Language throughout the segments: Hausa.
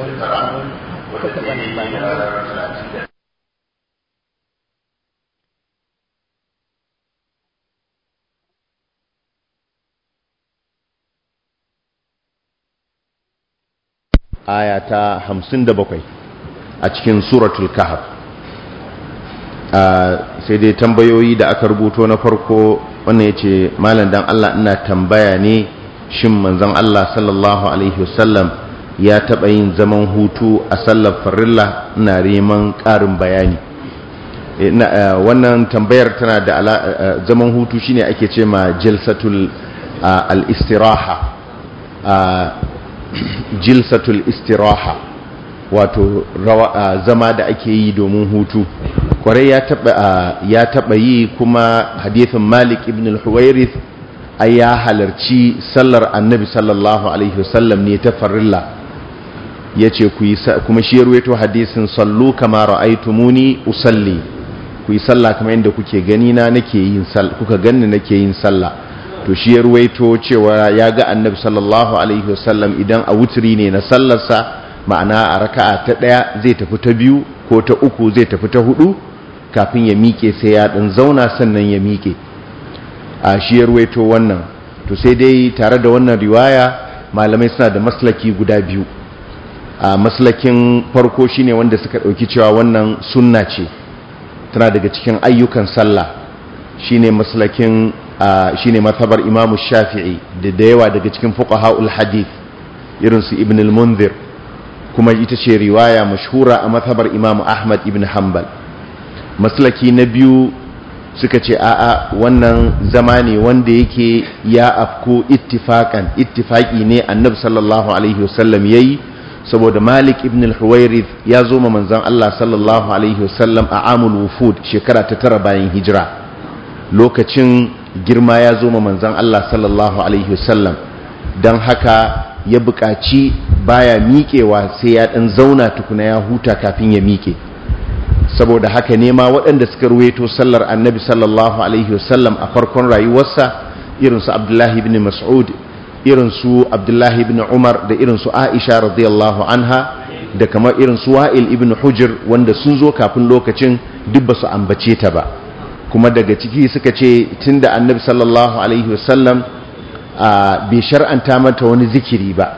wani wani wata taɓa ba aya ta 57 a cikin suratul kahf sai dai tambayoyi da aka rubuto na farko wannan yace malam dan Allah ina tambaya ne shin manzon Allah sallallahu alaihi wasallam ya taɓa yin zaman hutu a sallar farilla na neman ƙarin bayani eh, eh, wannan tambayar tana da eh, zaman hutu shine ake ce ma jilsatul ah, al-istiraha ah, jilsatul istiraha wato ah, zama da ake yi domin hutu kwarai ya taɓa yi kuma hadithin malik ibn al-huwairith ya halarci sallar annabi sallallahu alaihi wasallam ne ta farilla ya ce kuma shi ya ruwaito hadisin sallu kama ra'aitumuni usalli ku yi sallah kamar yadda kuke gani na nake yin sallah kuka ganni nake yin sallah to shi ya ruwaito cewa ya ga annabi sallallahu alaihi wasallam idan a wuturi ne na sallarsa ma'ana a raka'a ta ɗaya zai tafi ta biyu ko ta uku zai tafi ta hudu kafin ya miƙe sai ya ɗan zauna sannan ya miƙe a shi ya ruwaito wannan to sai dai tare da wannan riwaya malamai suna da maslaki guda biyu a maslakin farko shine wanda suka ɗauki cewa wannan sunna ce tana daga cikin ayyukan sallah shine maslakin shine matabar imamu shafi'i da da yawa daga cikin fuqaha'ul hadith irin su ibn al-munzir kuma ita ce riwaya mashhura a matabar imam ahmad ibn hanbal maslaki na biyu suka ce a'a wannan zama ne wanda yake ya afko ittifakan ittifaki ne annabi sallallahu alaihi wasallam yayi saboda malik ibn al ya zo ma manzan Allah sallallahu alaihi wasallam a amul wufud shekara ta tara bayan hijira lokacin girma ya zo ma manzan Allah sallallahu alaihi wasallam don haka ya buƙaci baya miƙewa sai ya ɗan zauna tukuna ya huta kafin ya miƙe saboda haka nema waɗanda suka ruweto sallar annabi sallallahu alaihi wasallam a farkon rayuwarsa irinsu abdullahi ibn mas'ud irin su abdullahi ibn umar da irin su aisha radiyallahu anha da kamar irin su wa'il ibn hujir wanda sun zo kafin lokacin duk ba su ambace ta ba kuma daga ciki suka ce tun da annabi sallallahu alaihi wasallam bai shar'anta mata wani zikiri ba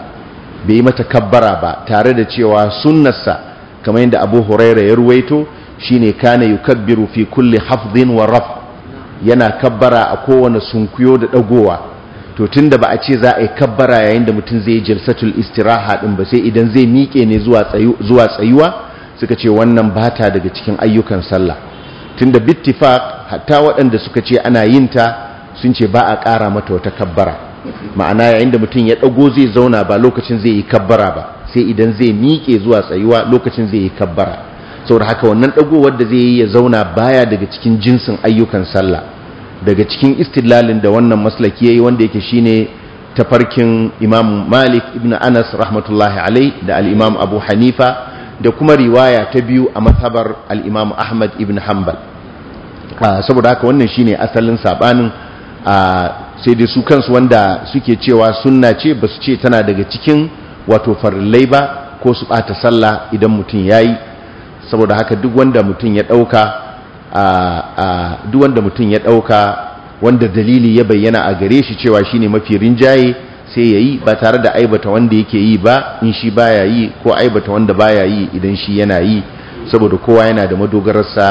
bai yi mata kabbara ba tare da cewa sunnarsa kamar yadda abu huraira ya ruwaito kane kana yukabbiru fi kulle hafdin wa raf yana kabbara a kowane sunkuyo da ɗagowa. to tunda ba a ce za a yi kabbara yayin da mutum zai jalsatul istiraha din ba sai idan zai miƙe ne zuwa tsayuwa suka ce wannan ba ta daga cikin ayyukan sallah tun tunda bittifaq hatta waɗanda suka ce ana yin ta sun ce ba a ƙara mata wata kabbara ma'ana yayin da mutum ya ɗago zai zauna ba lokacin zai yi kabbara ba sai idan zai miƙe zuwa tsayuwa lokacin zai yi kabbara saboda haka wannan ɗagowar da zai yi ya zauna baya daga cikin jinsin ayyukan sallah daga cikin istilalin da wannan maslaki yayi wanda yake shine tafarkin imam malik ibn anas rahmatullahi alai da al-imam abu hanifa da kuma riwaya ta biyu a masabar al-imam ahmad ibn hanbal saboda haka wannan shine asalin sabanin sai dai su kansu wanda suke cewa sunna ce basu ce tana daga cikin wato farillai ba ko su bata sallah idan mutum yayi saboda haka duk wanda mutum ya ɗauka. duk wanda mutum ya ɗauka wanda dalili ya bayyana a gare shi cewa shi ne mafi rinjaye sai ya yi ba tare da aibata wanda yake yi ba in shi baya yi ko aibata wanda baya yi idan shi yana yi saboda kowa yana da madogararsa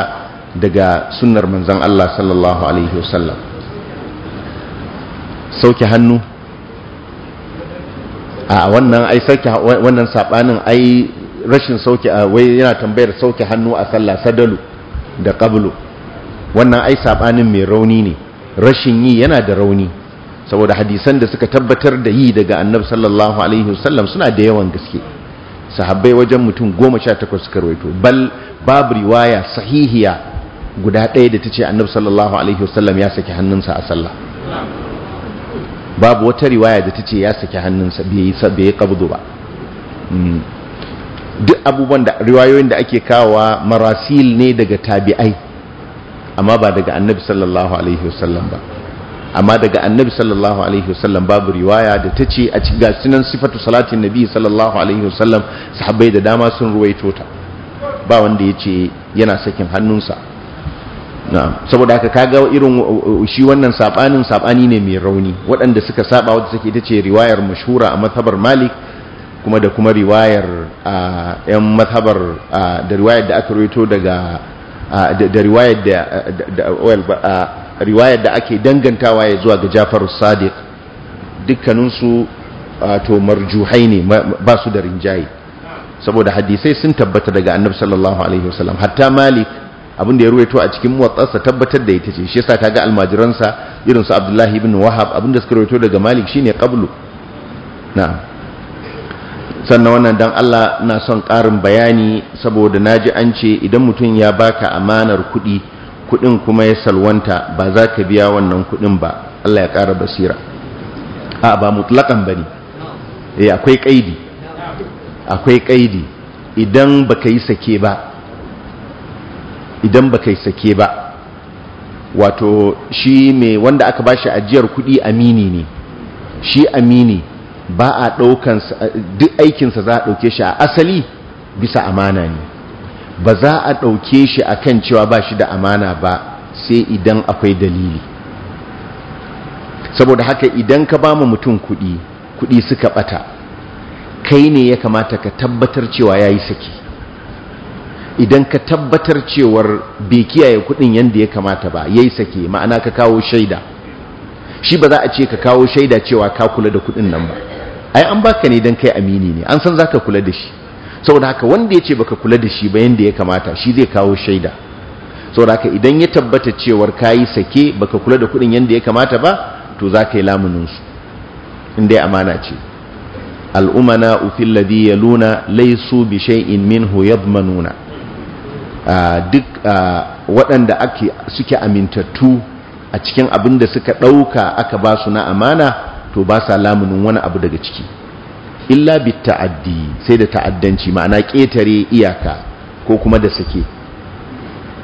daga sunnar manzan Allah sallallahu alaihi wasallam sauke hannu a wannan ai sauke wannan sabanin ai rashin sauke wai yana tambayar sauke hannu a sallah sadalu da qablu wannan ai saɓanin mai rauni ne rashin yi yana da rauni saboda hadisan da suka tabbatar da yi daga annabi sallallahu alaihi wasallam suna da yawan gaske sahabbai wajen mutum goma sha takwas suka rawaito bal babu riwaya sahihiya guda ɗaya da ta ce annabi sallallahu alaihi wasallam ya saki hannunsa a sallah babu wata riwaya da ta ce ya saki hannunsa bai yi qabdu ba hmm. duk abubuwan da riwayoyin da ake kawo marasil ne daga tabi'ai amma ba daga annabi sallallahu alaihi wasallam ba amma daga annabi sallallahu alaihi wasallam babu riwaya da ta ce a cikin gasunan sifatu salatin nabi sallallahu alaihi wasallam sahabbai da dama sun ruwaito ta ba wanda ya ce yana sakin hannunsa saboda haka kaga irin uh, uh, uh, shi wannan sabanin sabani ne mai rauni waɗanda suka saba wadda take ita ce riwayar mashhura a mathabar malik kuma da kuma riwayar yan mazhabar da riwayar da aka rito daga da riwayar da riwayar da ake dangantawa ya zuwa ga Jafar Sadiq dukkaninsu to marjuhai ne ba su da rinjaye saboda hadisai sun tabbata daga Annabi sallallahu alaihi wasallam hatta Malik abin da ya ruwaito a cikin muwatsarsa tabbatar da ita ce shi yasa kaga almajiransa irin su Abdullahi ibn Wahab abin da suka ruwaito daga Malik shine qablu na'am sannan wannan dan Allah na son ƙarin bayani saboda naji an ce idan mutum ya baka amanar kuɗi kuɗin kuma ya salwanta ba za ka biya wannan kuɗin ba Allah ya ƙara basira a ba mutlaƙan bane eh akwai kaidi akwai ƙaidi idan baka yi sake ba idan ka yi sake ba wato shi mai wanda aka bashi ajiyar kuɗi amini ne shi amini ba a ɗaukan duk aikinsa za a ɗauke shi a asali bisa amana ne ba za a ɗauke shi a kan cewa ba shi da amana ba sai idan akwai dalili saboda haka idan ka ba mu mutum kuɗi kuɗi suka ɓata kai ne ya kamata ka tabbatar cewa ya yi saki idan ka tabbatar cewar bai kiyaye kuɗin yadda ya kamata ba ya yi saki ma'ana ka kawo shaida shi ba za a ce ka kawo shaida cewa ka kula da kuɗin nan ba ai an baka ne don kai amini ne an san zaka kula da shi saboda haka wanda ya ce baka kula da shi ba yanda ya kamata shi zai kawo shaida saboda haka idan ya tabbata cewar kayi sake baka kula da kuɗin yadda ya kamata ba to za ka yi lamunin su inda amana ce al'umana ya luna yaluna laysu bi shay'in minhu yadmanuna duk waɗanda ake suke amintattu a cikin abin da suka ɗauka aka ba su na amana to ba sa lamunin wani abu daga ciki illa bi ta'addi sai da ta'addanci ma'ana ƙetare iyaka ko kuma da sake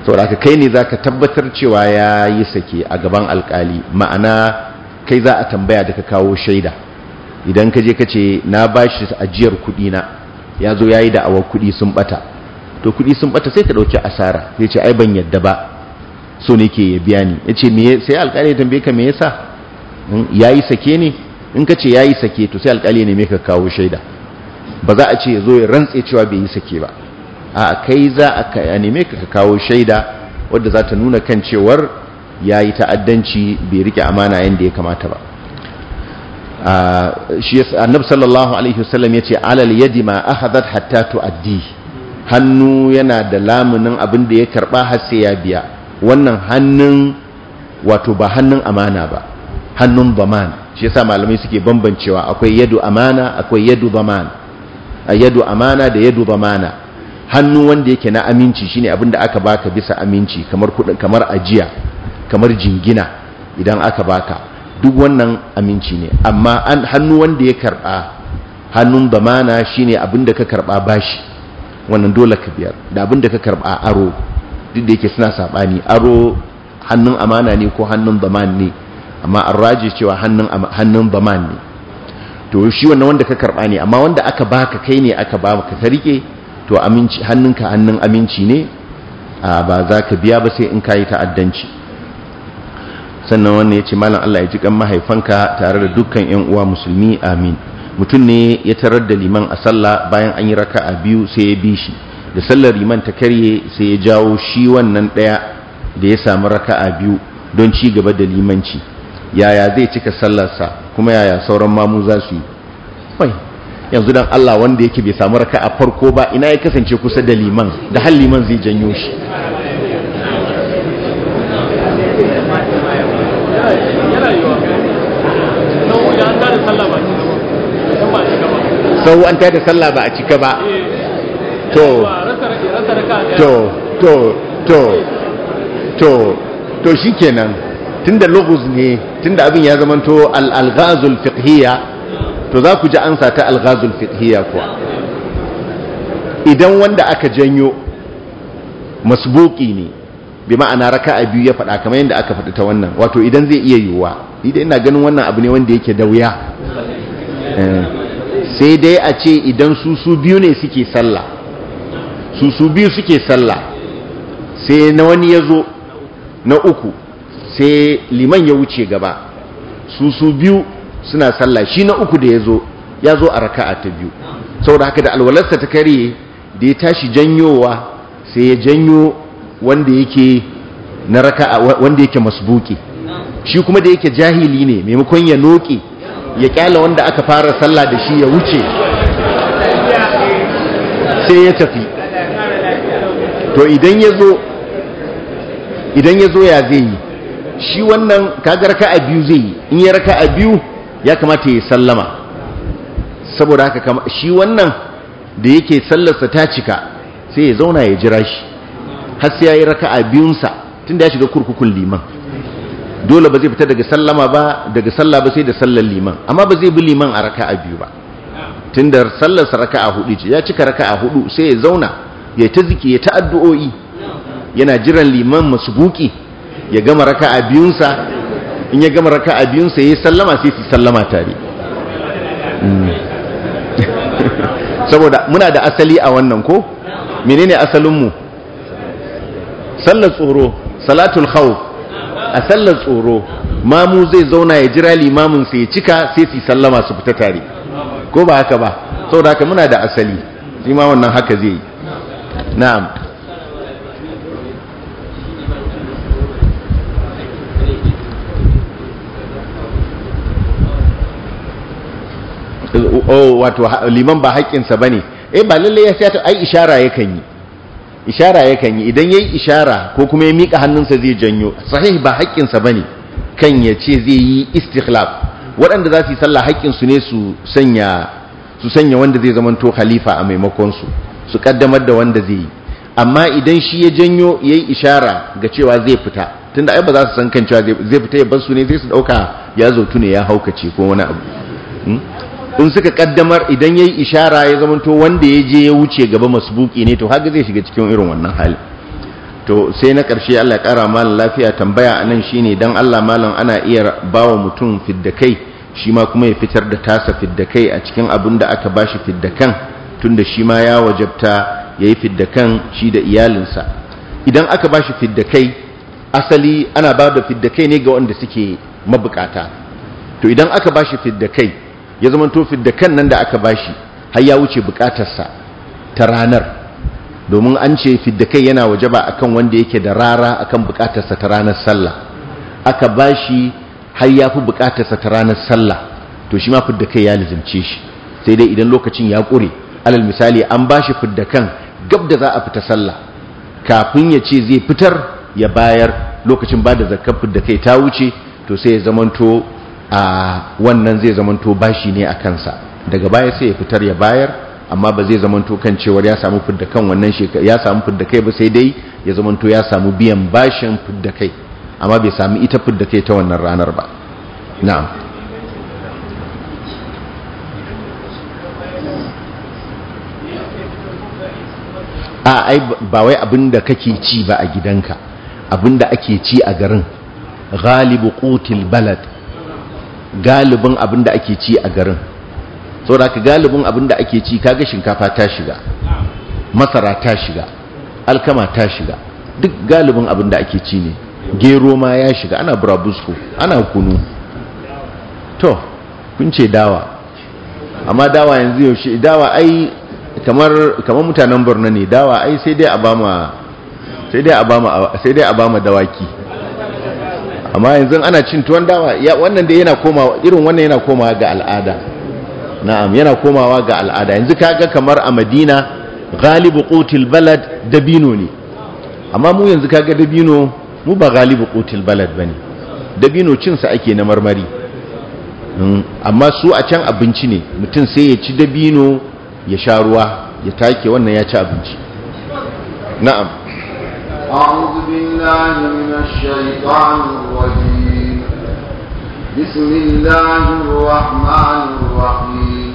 ka kai ne zaka tabbatar cewa ya yi sake a gaban alkali ma'ana kai za a tambaya da ka kawo shaida idan ka je ka ce na ba shi ajiyar na ya zo ya yi da da'awar kuɗi sun bata to kuɗi sun bata sai ka ɗauki asara zai ce ai ban yadda ba so ne ke ya biya ni ya ce sai alkali ya tambaye ka me yasa Hmm? ya yi sake ne in ka ce ya yi sake to sai alkali ne mai ka kawo shaida ba za a ce ya zo ya rantse cewa bai yi sake ba a kai za a neme ka kawo shaida wadda za ta nuna kan cewar ya yi ta'addanci bai rike amana yadda ya kamata ba annab sallallahu alaihi wasallam ya ce alal yadi ma ahadat hatta tu'addi hannu yana da lamunin abin da ya karba har sai ya biya wannan hannun wato ba hannun amana ba hannun baman shi yasa malamai suke bambancewa akwai yadu amana akwai yadu baman a yadu amana da yadu bamana hannu wanda yake na aminci shine abin da aka baka bisa aminci kamar kamar ajiya kamar jingina idan aka baka duk wannan aminci ne amma hannu wanda ya karba hannun bamana shine abin da ka karba bashi wannan dole ka biyar da abin da ka karba aro duk da yake suna sabani aro hannun amana ne ko hannun baman ne amma raji cewa hannun hannun ne to shi wannan wanda ka karba ne amma wanda aka baka kai ne aka ba ka tarike to aminci hannunka hannun aminci ne ba za ka biya ba sai in kayi ta'addanci sannan wannan ya ce malam Allah ya ji kan mahaifanka tare da dukkan yan uwa musulmi amin mutum ne ya tarar da liman a sallah bayan an yi raka a biyu sai ya bi shi da sallar liman ta karye sai ya jawo shi wannan ɗaya da ya samu a biyu don ci gaba da limanci yaya zai cika sallarsa kuma yaya sauran mamu za su yi yanzu don Allah wanda yake bai samu raka a farko ba ina ya kasance kusa da liman da hal liman zai janyo shi sau an ta da sallah ba a cika ba to to to to to to shi kenan tunda lughuz ne tunda abin ya zamanto al-alghazul fiqhiyya to za ku ji ansa ta al-alghazul fiqhiyya kuwa idan wanda aka janyo masbuki ne bi ma'ana raka'a biyu ya faɗa kamar yadda aka faɗi ta wannan wato idan zai iya yiwuwa idan ina ganin wannan abu ne wanda yake da eh, sai dai a ce idan su su biyu ne suke sallah su su biyu suke sallah sai na wani ya zo na uku sai liman ya wuce gaba su su biyu suna sallah shi na uku da ya zo ya zo a raka'a ta biyu saboda haka da alwalarsa ta karye da ya tashi janyowa sai ya janyo wanda yake na raka'a wanda yake masbuki shi kuma da yake jahili ne maimakon ya noki ya kyala wanda aka fara sallah da shi ya wuce sai ya tafi to idan ya zo idan ya zo ya zai yi shi wannan ka raka'a biyu zai yi in ya a biyu ya kamata ya sallama saboda haka shi wannan da yake sallarsa ta cika sai ya zauna ya jira shi har sai ya yi raka'a biyunsa tun da ya shiga kurkukun liman dole ba zai fita daga sallama ba daga sallah ba sai da sallar liman amma ba zai bi liman a raka'a biyu ba Tun da sallarsa raka'a hudu ce ya cika raka'a hudu sai ya zauna ya ta ziki ya ta addu'o'i yana jiran liman masu buƙi. ya gama raka a biyunsa in ya gama raka a biyunsa yi sallama sai su sallama tare mm. saboda muna da asali a wannan ko mene ne asalinmu? sallar tsoro salatul khawf a sallar tsoro mamu zai zauna ya jira limaminsa sai ya cika sai su sallama su fita tare ko ba haka ba saboda haka muna da asali zima ma wannan haka zai yi na'am oh wato liman ba haƙƙinsa ba ne eh ba lalle ya sai ai ishara yakan yi ishara yakan yi idan ya yi ishara ko kuma ya mika hannunsa zai janyo sahih ba haƙƙinsa ba ne kan ya ce zai yi istikhlaf waɗanda za su yi sallah haƙƙinsu ne su sanya wanda zai zama to khalifa a maimakon su su kaddamar da wanda zai yi amma idan shi ya janyo ya yi ishara ga cewa zai fita tunda ai ba za su san kan cewa zai fita ya bar su ne zai su ɗauka ya zo ne ya haukace ko wani abu hmm? in suka kaddamar idan ya yi ishara ya zamanto wanda ya je ya wuce gaba masbuki ne to haka zai shiga cikin irin wannan hali to sai na ƙarshe Allah ya ƙara malam lafiya tambaya anan shine dan Allah malam ana iya bawa mutum fiddakai shi ma kuma ya fitar da tasa fiddakai a cikin abin da aka bashi fiddakan tunda shi ma ya wajabta yayi fiddakan shi da iyalinsa idan aka bashi fiddakai asali ana ba da fiddakai ne ga wanda suke mabukata to idan aka bashi fiddakai ya zama tofin da kan nan da aka bashi har ya wuce bukatarsa ta ranar domin an ce fidda kai yana wajaba akan wanda yake da rara akan bukatarsa ta ranar sallah aka bashi har ya fi bukatarsa ta ranar sallah to shi ma fidda kai ya lizimce shi sai dai idan lokacin ya ƙure alal misali an ba shi fidda kan gab da za a fita sallah kafin ya ce zai fitar ya bayar lokacin ba da zakar fidda kai ta wuce to sai ya zamanto a wannan zai zamanto bashi ne a kansa daga baya sai ya fitar ya bayar amma ba zai zamanto kan cewar ya samu fidda kan wannan shekara ya samu fidda kai ba sai dai ya zamanto ya samu biyan bashin fidda kai amma bai samu ita fidda kai ta wannan ranar ba na'am a ai ba wai abin da kake ci ba a gidanka abin da ake ci a garin ghalibu qutil balad galibin abin da ake ci a garin da ka galibin abin da ake ci kaga shinkafa ta shiga masara ta shiga alkama ta shiga duk galibin abin da ake ci ne gero ma ya shiga ana burabusko ana kunu to kun ce dawa amma dawa yanzu yaushe dawa ai kamar kamar mutanen borno ne dawa ai sai dai a bama sai dai a sai dai a dawaki amma yanzu ana cin tuwon dawa wannan da yana komawa irin wannan yana komawa ga al'ada na'am yana komawa ga al'ada yanzu kaga kamar a madina galibu qutil balad dabino ne amma mu yanzu kaga dabino mu ba galibu qutil balad bane dabino cin sa ake na marmari hmm, amma su a can abinci ne mutum sai ya ci dabino ya sha ruwa ya take wannan ya ci abinci na'am أعوذ بالله من الشيطان الرجيم بسم الله الرحمن الرحيم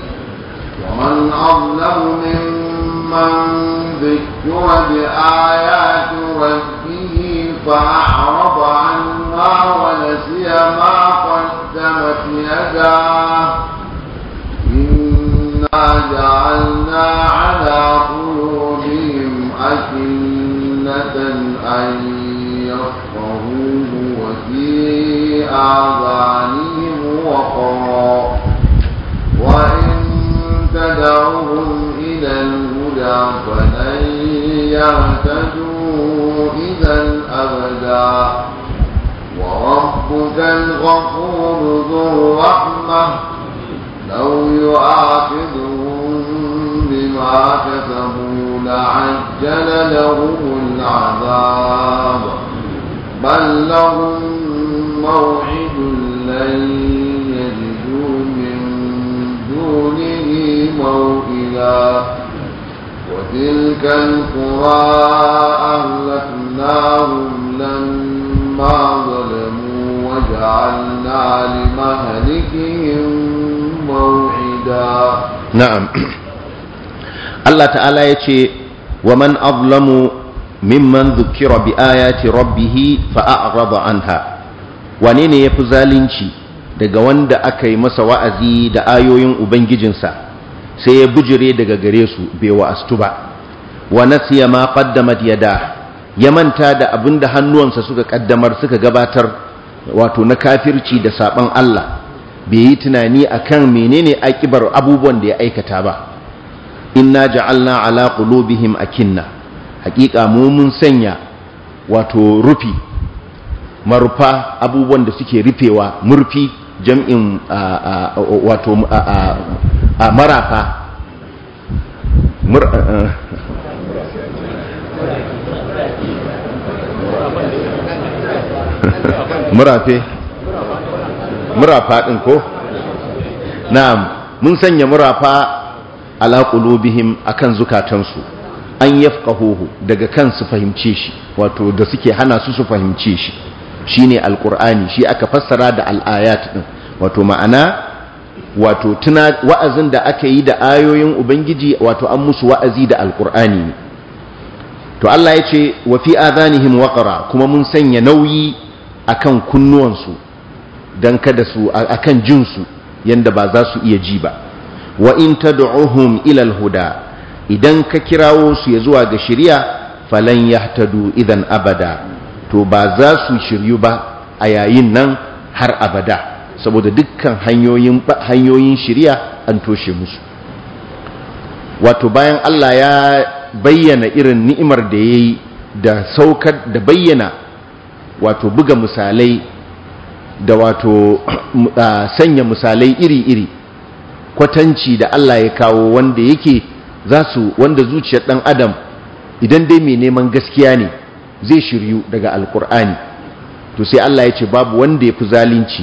ومن أظلم ممن ذكر بآيات ربه فأعرض عنها ونسي ما قدمت يداه إنا جعلنا على آذانهم وقرا وإن تدعوهم إلى الهدى فلن يهتدوا إذا أبدا وربك الغفور ذو الرحمة لو يؤاخذهم بما كسبوا لعجل لهم العذاب بل لهم موعد لن يجدوا من دونه موئلا وتلك القرى أهلكناهم لما ظلموا وجعلنا لمهلكهم موعدا نعم الله تعالى يتي ومن أظلم ممن ذكر بآيات ربه فأعرض عنها wane ne ya fi zalunci daga wanda aka yi masa wa'azi da ayoyin ubangijinsa sai ya bijire daga gare su bai wa'astu ba wa siya ma qaddamat yada ya manta da abin da hannuwansa suka ƙaddamar suka gabatar wato na kafirci da saɓon Allah bai yi tunani a akan menene aƙibar abubuwan da ya aikata ba inna ja'alna ala ƙulobihim a kinna, mu mun sanya wato rufi marufa abubuwan da suke rufewa murfi jam'in wato marafa murafe murafa ɗin ko na'am mun sanya murafa ala a kan zukatansu an hoho daga kan su fahimce shi wato da suke hana su su fahimce shi Shi ne Alƙur'ani, shi aka fassara da al'ayat ɗin wato ma'ana wato tuna wa'azin da aka yi da ayoyin ubangiji wato an musu wa'azi da Alƙur'ani ne to Allah ya ce wa fi adanihim waƙara, kuma mun sanya nauyi a kan kunnuwansu don kada su a kan jinsu yadda ba za su iya ji ba wa in ta ila ilal huda idan ka kirawo su ya zuwa ga shari'a falan tadu idan abada to ba za su shiryu ba a yayin nan har abada saboda dukkan hanyoyin shirya an toshe musu wato bayan Allah ya bayyana irin ni'imar da yayi da saukar da bayyana wato buga misalai da wato sanya misalai iri-iri kwatanci da Allah ya kawo wanda yake za su wanda zuciyar ɗan adam idan dai mai neman gaskiya ne zai shiryu daga alkur'ani to sai Allah ya ce babu wanda ya fi zalunci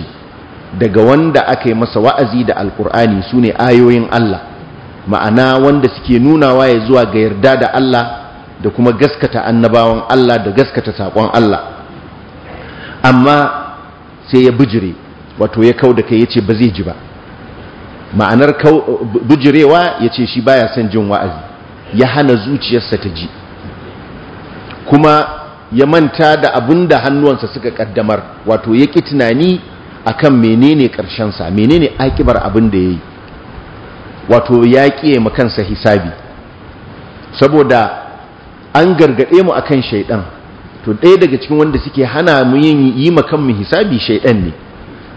daga wanda aka yi masa wa'azi da alkur'ani su ne ayoyin Allah ma'ana wanda suke nunawa ya zuwa ga yarda da Allah da kuma gaskata annabawan Allah da gaskata saƙon Allah amma sai ya bijire wato ya kau da kai ya ce ba zai ji ba ma'anar bijirewa ya ce shi baya son jin wa'azi ya hana zuciyarsa ta ji kuma ya manta da abin da hannuwansa suka kaddamar wato ya ƙi tunani a kan menene ƙarshensa menene akibar abin da ya yi wato ya ƙiye makansa hisabi saboda an gargaɗe mu a kan shaiɗan to ɗaya daga cikin wanda suke hana mu yin yi makanmu hisabi shaiɗan ne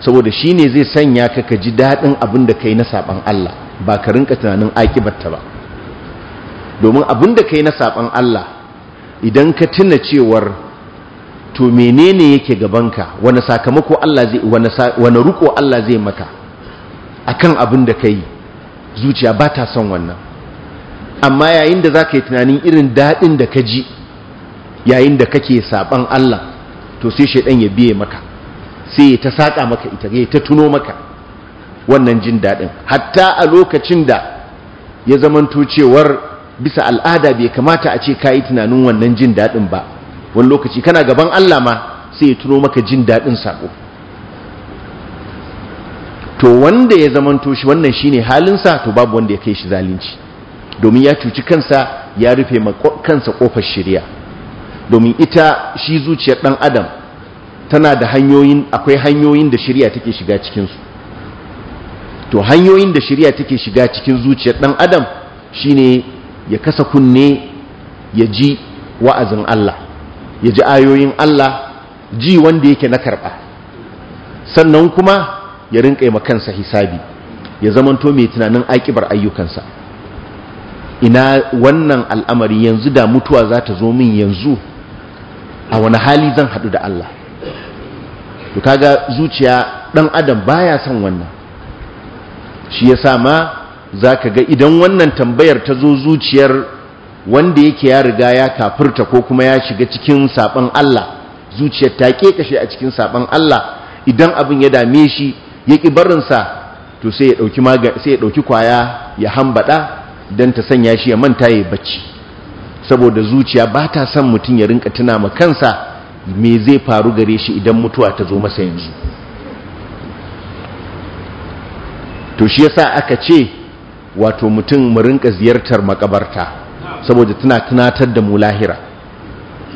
saboda shi ne zai sanya ka ka ji daɗin abin da ka yi na saɓan Allah ba ka rinka tunanin akibarta ba domin abin da ka yi na saɓan Allah idan ka tuna cewar to menene yake gabanka wani sakamako Allah zai wani ruko Allah zai maka akan abin da kai zuciya ba ta son wannan amma yayin da zaka yi tunanin irin daɗin da ka ji yayin da kake saban Allah to sai shaidan ya biye maka sai ya ta saka maka ita ya ta tuno maka wannan jin daɗin hatta a lokacin da ya zamanto cewar bisa al'ada bai kamata a ce kayi tunanin wannan jin daɗin ba wani lokaci kana gaban Allah ma sai ya tuno maka jin daɗin saƙo. to wanda ya zamanto toshi wannan shine halin sa to babu wanda ya kai shi zalunci domin ya cuci kansa ya rufe kansa kofar shirya domin ita shi zuciyar ɗan adam tana da hanyoyin akwai hanyoyin da shirya take shiga cikinsu to hanyoyin da shirya take shiga cikin zuciyar ɗan adam shine ya kasa kunne ya ji wa'azin Allah ya ji ayoyin Allah ji wanda yake na karɓa sannan kuma ya rinƙa yi kansa hisabi ya zamanto mai tunanin aƙibar ayyukansa ina wannan al'amari yanzu da mutuwa za ta zo min yanzu a wani hali zan haɗu da Allah to kaga zuciya ɗan adam baya son wannan shi ya sa ma za ka ga idan wannan tambayar ta zo zuciyar wanda yake ya riga ya kafirta ko kuma ya shiga cikin saɓan Allah zuciyar ta kashe a cikin saɓan Allah idan abin ya dame shi ya ƙi barinsa to sai ya ɗauki kwaya ya hambaɗa don ta sanya shi ya manta ya bacci saboda zuciya ba ta son mutum ya rinka tuna ma kansa me zai faru gare shi idan mutuwa ta zo masa yanzu to shi yasa aka ce wato mutum mu rinƙa ziyartar makabarta saboda tana tunatar da mu lahira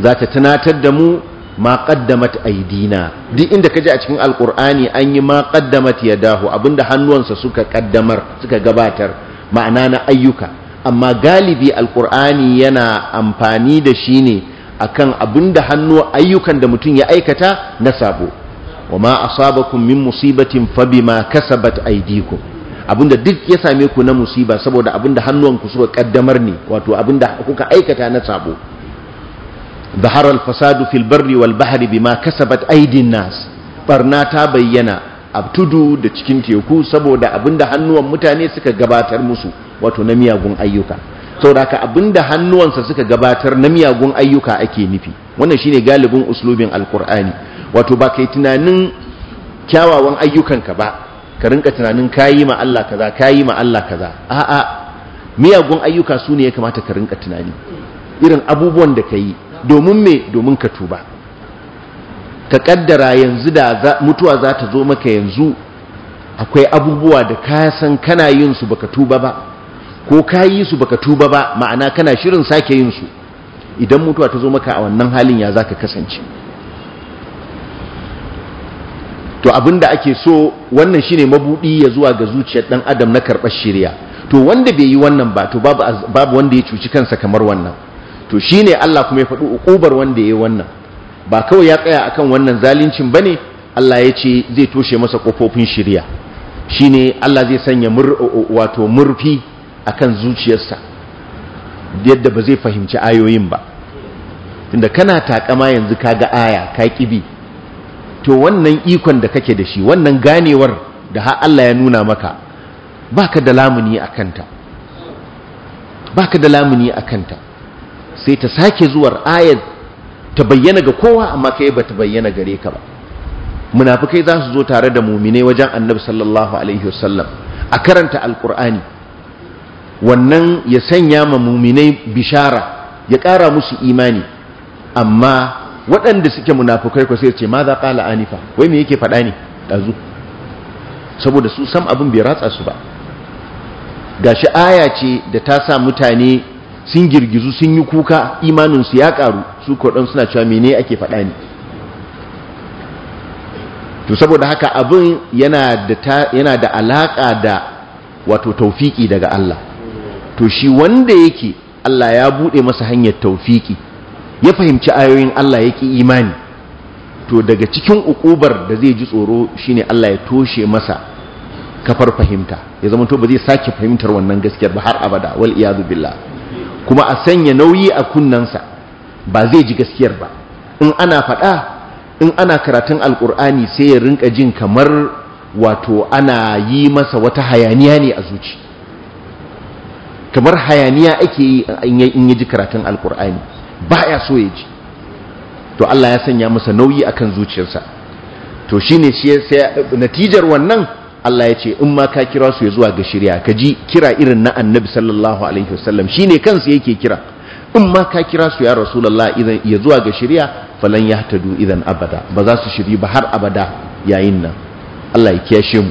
za ta tunatar da mu ma yi aidina duk inda ji a cikin Alƙur'ani an yi ma ya yadahu abinda hannuwansa suka ƙaddamar suka gabatar ma'ana na ayyuka amma galibi Alƙur'ani yana amfani da shi ne akan abinda hannu ayyukan da mutum ya aikata na sabo wa ma asabakum min musibatin fabima kasabat aydikum abinda duk ya same ku na musiba saboda abinda hannuwanku suka kaddamar ne wato abinda kuka aikata na sabo ظهر الفساد في البر والبحر بما كسبت ايدي الناس barna ta bayyana a da cikin teku saboda abinda hannuwan mutane suka gabatar musu wato na miyagun ayyuka saboda ka abinda hannuwansa suka gabatar na miyagun ayyuka ake nufi wannan shine galibin uslubin alkur'ani wato ba kai tunanin kyawawan ayyukanka ba ka rinka tunanin kayi ma Allah kaza kayi ma Allah kaza a'a miyagun ayyuka su ne ya kamata ka rinka tunani irin abubuwan da ka yi domin me domin ka tuba ka kaddara yanzu da mutuwa za ta zo maka yanzu akwai abubuwa da ka san kana yin su baka tuba ba ko ka yi su baka tuba ba ma'ana kana shirin sake yin su idan mutuwa ta zo maka a wannan halin ya za ka kasance to abin da ake so wannan shine mabudi ya zuwa ga zuciyar dan adam na karɓar shirya to wanda bai yi wannan ba to babu babu wanda ya cuci kansa kamar wannan to shine Allah kuma ya faɗi ukubar wanda ya yi wannan ba kawai ya tsaya akan wannan zalincin bane Allah ya ce zai toshe masa kofofin shirya shine Allah zai sanya mur wato murfi akan zuciyarsa yadda ba zai fahimci ayoyin ba tunda kana takama yanzu kaga aya ka kibi to wannan ikon da kake da shi wannan ganewar da har Allah ya nuna maka baka da lamuni a kanta baka da lamuni a kanta sai ta sake zuwar ayat ta bayyana ga kowa amma kai ba ta bayyana gare ka ba munafikai za su zo tare da mumine wajen annabi sallallahu alaihi wasallam a karanta alkur'ani wannan ya sanya ma muminai bishara ya ƙara musu imani amma waɗanda suke munafukai ko sai ce ma za ƙala anifa wai me yake faɗa ne ɗazu saboda su sam abin bai ratsa su ba Ga aya ce da ta sa mutane sun girgizu sun yi kuka imaninsu ya ƙaru su ɗan suna cewa ne ake faɗa ne to saboda haka abin yana da alaƙa da wato taufiki daga Allah to shi wanda yake Allah ya buɗe masa hanyar taufiki ya fahimci ayoyin Allah ya ƙi imani to daga cikin ukubar da zai ji tsoro shine Allah ya toshe masa kafar fahimta ya zama to ba zai sake fahimtar wannan gaskiyar ba har abada wal iyadu billah kuma a sanya nauyi a kunnansa ba zai ji gaskiyar ba in ana faɗa in ana karatun alkur'ani sai ya rinka jin kamar wato ana yi masa wata hayaniya ne a zuci kamar hayaniya ake yi in ya ji karatun alkur'ani ba ya so ya ji to Allah ya sanya masa nauyi a kan zuciyarsa to ne shi sai natijar wannan Allah ya ce in ma ka kira su ya zuwa ga shirya ka ji kira irin na annabi sallallahu alaihi wasallam ne kansa yake kira in ma ka kira su ya rasu idan ya zuwa ga shirya falan tadu idan abada ba za su shiri ba har abada yayin nan Allah ya kiyashe mu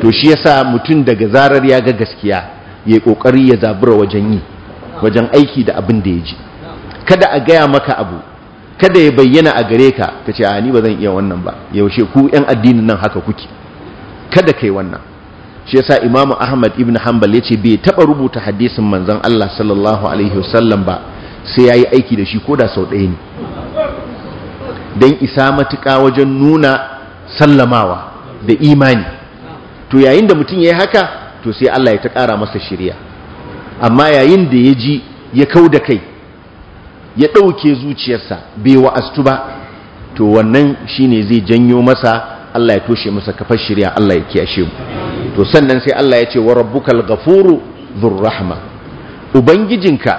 to shi yasa mutum daga zarar ya ga gaskiya yayi kokari ya zabura wajen yi wajen aiki da abin da ya ji kada a gaya maka abu kada ya bayyana a gare ka ka ce a ni ba zan iya wannan ba yaushe ku yan addinin nan haka kuke kada ka yi wannan shi yasa imamu ahmad ibn hanbal ya ce bai taɓa rubuta hadisin manzan allah sallallahu alaihi wasallam ba sai ya yi aiki da shi ko da sau ɗaya ne Dan isa matuƙa wajen nuna sallamawa da imani to yayin da mutum ya yi haka to sai Allah ya ta ƙara masa shirya amma yayin da ya ji ya kau da kai ya ɗauke zuciyarsa bai wa'astu ba to wannan shi ne zai janyo masa Allah ya toshe masa kafar shirya Allah ya kiyashe mu to sannan sai Allah ya ce wa rabbukal ghafuru dhur rahma ubangijinka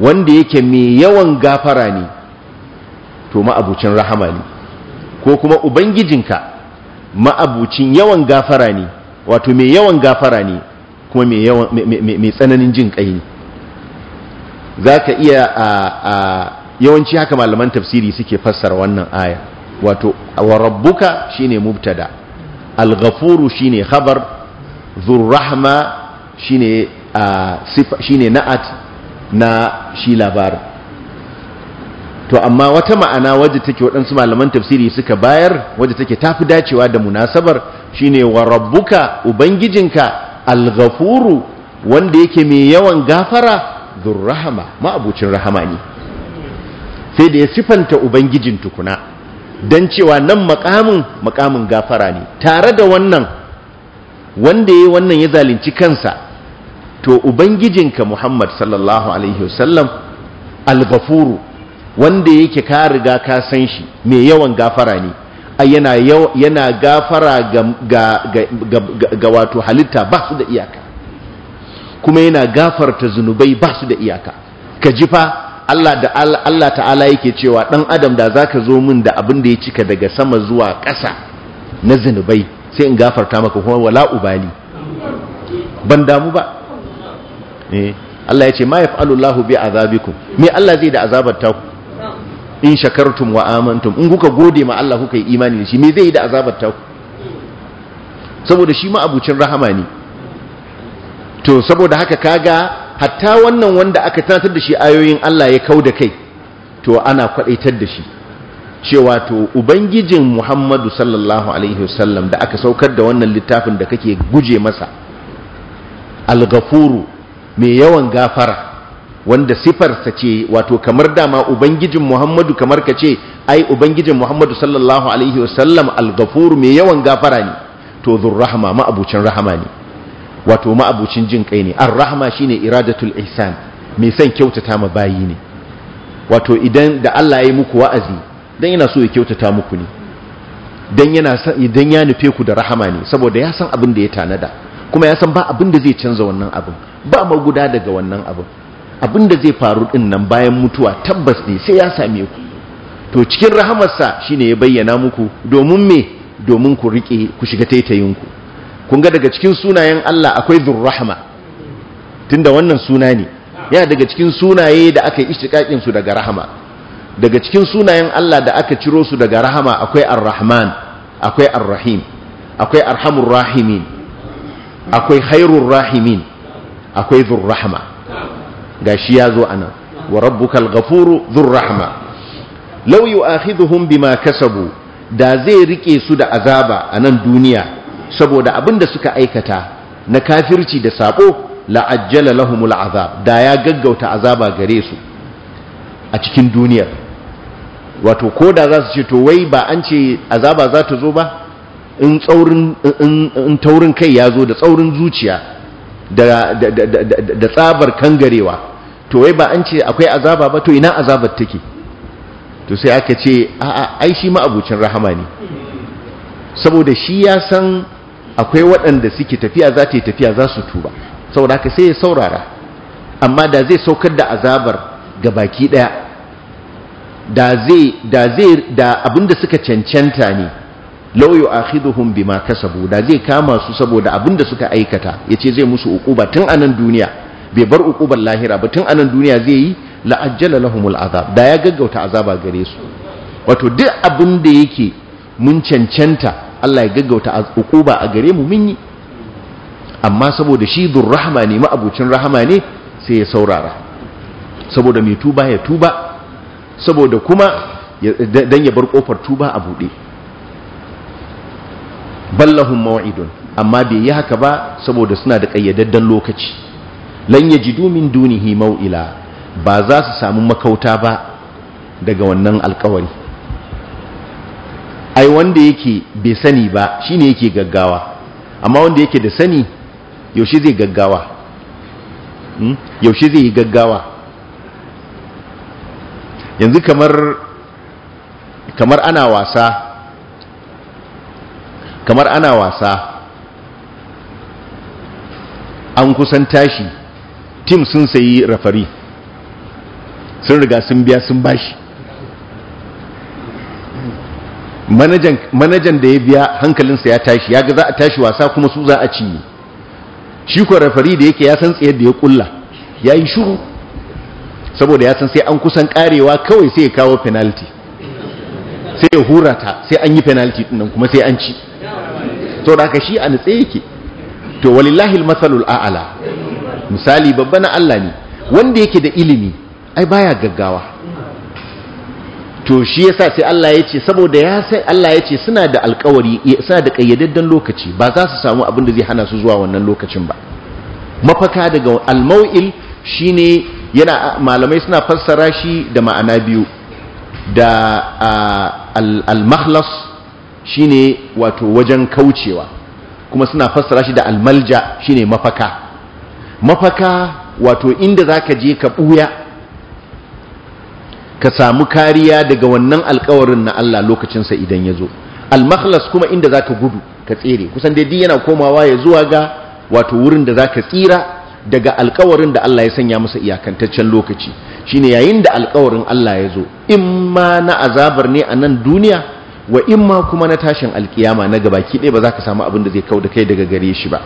wanda yake mai yawan gafara ne to ma'abucin rahama ne ko kuma ubangijinka ma'abucin yawan gafara ne wato mai yawan gafara ne kuma mai tsananin jin ƙai ne za ka iya a yawanci haka malaman tafsiri suke fassara wannan aya wato wa rabbuka shine mubtada al-ghafuru shine khabar dhur-rahma shine sifa na'at na shi labarin to amma wata ma'ana waje take waɗansu malaman tafsiri suka bayar waje take tafi dacewa da munasabar shine wa rabbuka ubangijinka al-ghafuru wanda yake mai yawan gafara zurrahama ma'abucin rahama ne sai da ya sifanta ubangijin tukuna don cewa nan makamin makamin gafara ne tare da wannan wanda ya wannan ya zalunci kansa to ubangijinka muhammad sallallahu alaihi wasallam algafuru wanda yake ka riga ka san shi mai yawan gafara ne yana gafara ga wato halitta ba su da iyaka kuma yana gafarta zunubai ba su da iyaka ka ji fa Allah da Allah ta'ala yake cewa dan adam da zaka zo min da abin da ya cika daga sama zuwa ƙasa na zunubai sai in gafarta maka kuma wala ubali ban damu ba eh Allah ya ce ma yaf'alu Allahu bi azabikum me Allah zai da azabar ta ku in shakartum wa amantum in kuka gode ma Allah kuka yi imani da shi me zai yi da azabar ta ku saboda shi ma abucin rahama ne to saboda haka kaga hatta wannan wanda aka tantar da shi ayoyin Allah ya kau da kai to ana kwadaitar da shi cewa to ubangijin Muhammadu sallallahu alaihi wasallam da aka saukar da wannan littafin da kake guje masa al-ghafuru mai yawan gafara wanda sifarsa ce wato kamar dama ubangijin Muhammadu kamar ka ce ai ubangijin Muhammadu sallallahu alaihi wasallam al-ghafuru mai yawan gafara ne to zurrahma ma abucin rahama ne wato ma'abucin jin kai ne ar-rahma shine iradatul ihsan mai son kyautata ma bayi ne wato idan da Allah ya yi muku wa'azi dan yana so ya kyautata muku ne dan yana idan ya nufe ku da rahama ne saboda ya san abin da ya tanada kuma ya san ba abin da zai canza wannan abin ba guda daga wannan abin abin da zai faru din nan bayan mutuwa tabbas ne sai ya same ku to cikin rahamarsa shine ya bayyana muku domin me domin ku rike ku shiga taitayinku kun ga daga cikin sunayen Allah akwai zurrahma tunda wannan suna ne yana daga cikin sunaye da aka yi ishtiqaqin su daga rahama daga cikin sunayen Allah da aka ciro su daga rahama akwai arrahman akwai arrahim akwai arhamur rahimin akwai khairur rahimin akwai zurrahma gashi yazo ana wa rabbukal ghafuru zurrahma law yu'akhidhuhum bima kasabu da zai rike su da azaba a nan duniya saboda abin da suka aikata na kafirci da sabo la'ajjala lahumul azab da ya gaggauta azaba gare su a cikin duniyar wato ko da za su ce to wai ba an ce azaba za ta zo ba in tsaurin in taurin kai ya zo da tsaurin zuciya da da tsabar kangarewa to wai ba an ce akwai azaba ba to ina azabar take to sai aka ce a'a ai shi ma abucin rahama ne saboda shi ya san akwai waɗanda suke tafiya za ta yi tafiya za su tuba saboda haka sai ya saurara amma da zai saukar da azabar ga baki ɗaya da zai da abinda suka cancanta ne law ma bima bu, da zai kama su saboda abinda suka aikata ya ce zai musu ukuba tun anan duniya bai bar uƙubar lahira ba tun anan duniya zai yi la'ajjala lahumul azab da ya gaggauta azaba gare su wato duk abinda yake mun cancanta Allah ya gaggauta a ukuba a gare mu mun yi amma saboda shi durrahma ne ma'abucin rahama ne sai ya saurara saboda mai tuba ya tuba saboda kuma dan ya bar kofar tuba a bude ballahum maw'idun amma bai yi haka ba saboda suna da kayyadaddan lokaci lan yajidu min dunihi maw'ila ba za su samu makauta ba daga wannan alkawari ai wanda yake bai sani ba shine yake gaggawa amma wanda yake da sani yaushe zai gaggawa hmm? yaushe zai yi gaggawa yanzu kamar kamar ana wasa kamar ana wasa an kusan tashi tim sun sayi rafari sun riga sun biya sun bashi manajan da ya biya hankalinsa ya tashi ya ga za a tashi wasa kuma su za a ci shi ko referee da yake ya san tsayar da ya kulla ya yi shuru saboda ya san sai an kusan karewa kawai sai ya kawo penalty sai ya hurata sai an yi penalty dinnan kuma sai an ci to da shi a nutse yake to walillahi almasalul a'ala misali babba na Allah ne wanda yake da ilimi ai baya gaggawa to shi yasa sai Allah ya ce saboda ya sai Allah ya ce suna da alkawari suna da kayyadaddan lokaci ba za su samu abin da zai hana su zuwa wannan lokacin ba mafaka daga almau'il shine yana malamai suna fassara shi da ma'ana biyu da al-makhlas shine wato wajen kaucewa kuma suna fassara shi da almalja shine mafaka mafaka wato inda za ka je ka buya ka samu kariya daga wannan alkawarin na Allah lokacinsa idan ya zo almakhlas kuma inda za ka gudu ka tsere kusan daidai yana komawa ya zuwa ga wato wurin da za ka tsira daga alkawarin da Allah ya sanya masa iyakantaccen lokaci shine yayin da alkawarin Allah ya zo in ma na azabar ne a nan duniya wa in ma kuma na tashin alkiyama na gabaki ɗaya ba za ka samu abin da zai kau da kai daga gare shi ba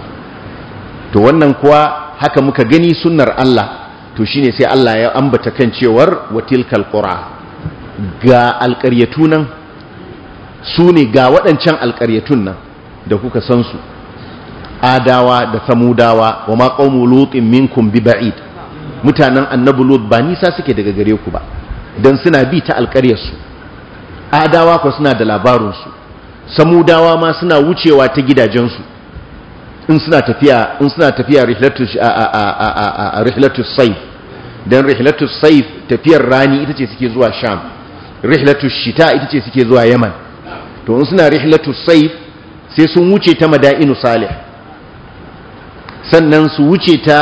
to wannan kuwa haka muka gani sunnar Allah to shi ne sai Allah ya ambata kan cewar watilkal qura ga alƙaryatu nan su ne ga waɗancan alƙaryatun nan da kuka san su adawa da samudawa wa ma lutin minkum bi ba'id mutanen annabu lut ba nisa suke daga gare ku ba don suna bi ta alƙaryarsu. adawa kwa suna da labarin samudawa ma suna wucewa ta gidajensu. in suna tafiya in suna rihlatus a a a Dan rihlatus saif tafiyar rani ita ce suke zuwa sham rihlatu shita ita ce suke zuwa yaman to in suna rihlatus sayf sai sun wuce ta mada'inu salih sannan su wuce ta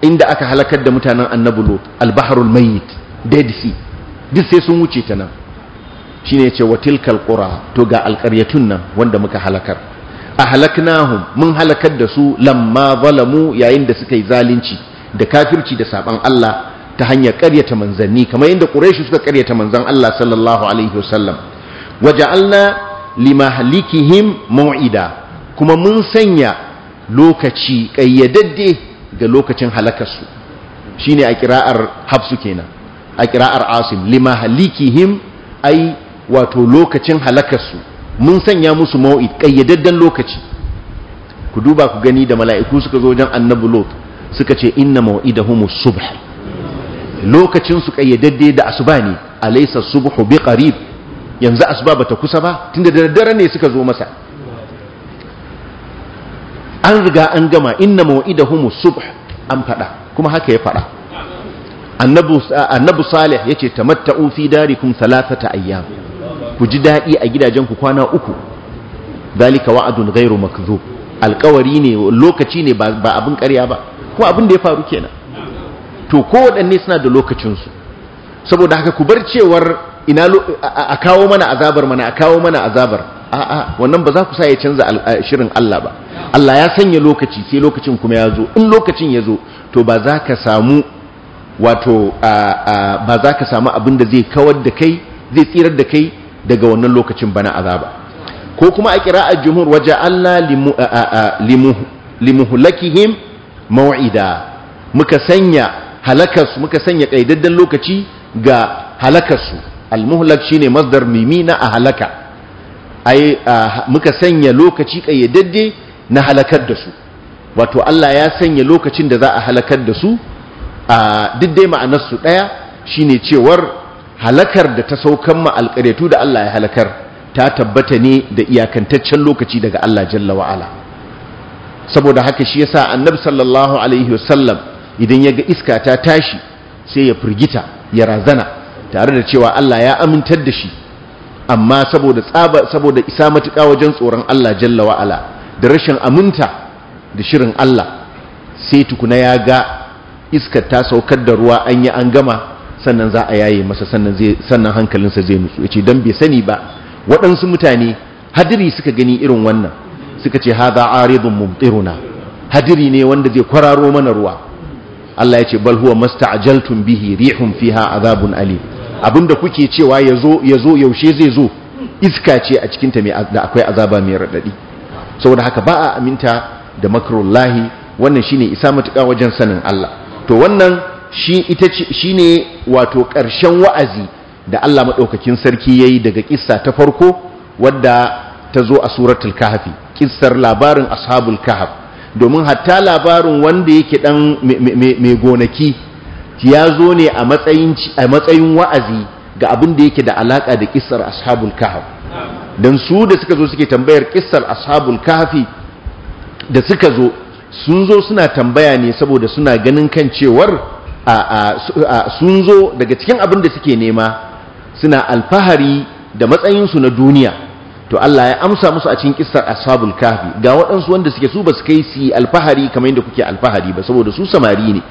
inda aka halakar da mutanen annabulo albahrul mayyit dead sea duk sai sun wuce ta nan shine yace watilkal qura to ga alqaryatun nan wanda muka halakar ahlaknahum mun halakar da su lamma zalamu yayin da suka yi zalunci da kafirci da saban Allah ta hanyar karyata manzanni kamar yadda quraishi suka karyata manzan Allah sallallahu alaihi wasallam waja'alna limahlikihim mau'ida kuma mun sanya lokaci kayyadadde ga lokacin halakarsu shine a kira'ar hafsu kenan a kira'ar asim (Limahalikihim) ai wato lokacin halakarsu mun sanya musu mau'id kayyadadden lokaci ku duba ku gani da mala'iku suka zo wajen annabi lot suka ce inna maw'idahumus subh lokacin su kayyadadde da asuba ne alaysa subhu biqarib yanzu asuba bata kusa ba tunda da daddare ne suka zo masa an riga an gama inna maw'idahumus subh an fada kuma haka ya fada annabu salih ya ce tamatta'u fi darikum ta ayyam ku ji daɗi a gidajen ku kwana uku dalika wa'adun gairu makdhub alƙawari ne lokaci ne ba abin ƙarya ba kuma abin da ya faru kenan to kowaɗanne suna da lokacinsu saboda haka ku bar cewar ina a kawo mana azabar mana a kawo mana azabar a'a wannan ba za ku sa ya canza shirin Allah ba Allah ya sanya lokaci sai lokacin kuma ya zo in lokacin ya zo to ba za ka samu wato ba za ka samu abin da zai kawar da kai zai tsirar da kai daga wannan lokacin bana azaba ko kuma a kira a jumhur waje Allah limuhulakihim maw'ida muka sanya halakarsu muka sanya ƙaidaddan lokaci ga halakarsu almuhlak shine masdar mimi na a halaka muka sanya lokaci kayyadadde na halakar da su wato Allah ya sanya lokacin da za a halakar da su a duk ma'anarsu ma'anar su ne shine cewar halakar da ta saukan ma'alƙaretu da Allah ya halakar ta tabbata ne da iyakantaccen lokaci daga Allah jalla wa'ala saboda haka shi yasa annabi sallallahu alaihi wasallam idan ya ga iska ta tashi sai ya firgita ya razana tare da cewa Allah ya amintar da shi amma saboda tsaba saboda isa matuƙa wajen tsoron Allah jalla wa ala da rashin aminta da shirin Allah sai tukuna ya ga iska ta saukar da ruwa an yi an gama sannan za a yaye masa sannan zai sannan hankalinsa zai nutsu yace dan bai sani ba waɗansu mutane hadiri suka gani irin wannan suka ce haza aridun mumtiruna hadiri ne wanda zai kwararo mana ruwa Allah ya ce bal huwa masta'jaltum bihi rihum fiha azabun alim abinda kuke cewa yazo yazo yaushe zai zo iska ce a cikin ta da akwai azaba mai radadi saboda haka ba a aminta da makrullahi wannan shine isa matuka wajen sanin Allah to wannan shi ita shine wato karshen wa'azi da Allah madaukakin sarki yayi daga kissa ta farko wadda ta zo a suratul kahfi kissar labarin ashabul kahaf domin hatta labarin wanda yake dan mai gonaki ya zo ne a matsayin wa'azi ga abin da yake da alaka da kissar ashabul kahaf dan su da suka zo suke tambayar kissar ashabul kahafi da suka zo sun zo suna tambaya ne saboda suna ganin kan cewar a sun zo daga cikin abin da suke nema suna alfahari da matsayinsu na duniya to Allah ya amsa musu a cikin kissar ashabul kahfi ga waɗansu wanda suke su basu kai su alfahari kamar yadda kuke alfahari ba saboda su samari ne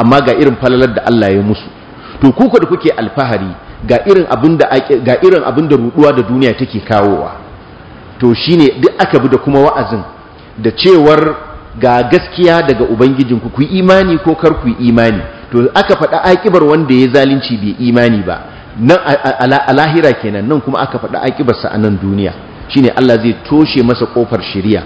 amma ga irin falalar da Allah ya musu to ku da kuke alfahari ga irin abin da ga irin abin da ruduwa da duniya take kawowa to shine duk aka bi da kuma wa'azin da cewar ga gaskiya daga Ubangijin ku imani ko kar ku imani to aka faɗa akibar wanda ya zalunci bai imani ba nan a lahira kenan nan kuma aka faɗi aƙibarsa a nan duniya shine Allah zai toshe masa ƙofar shiriya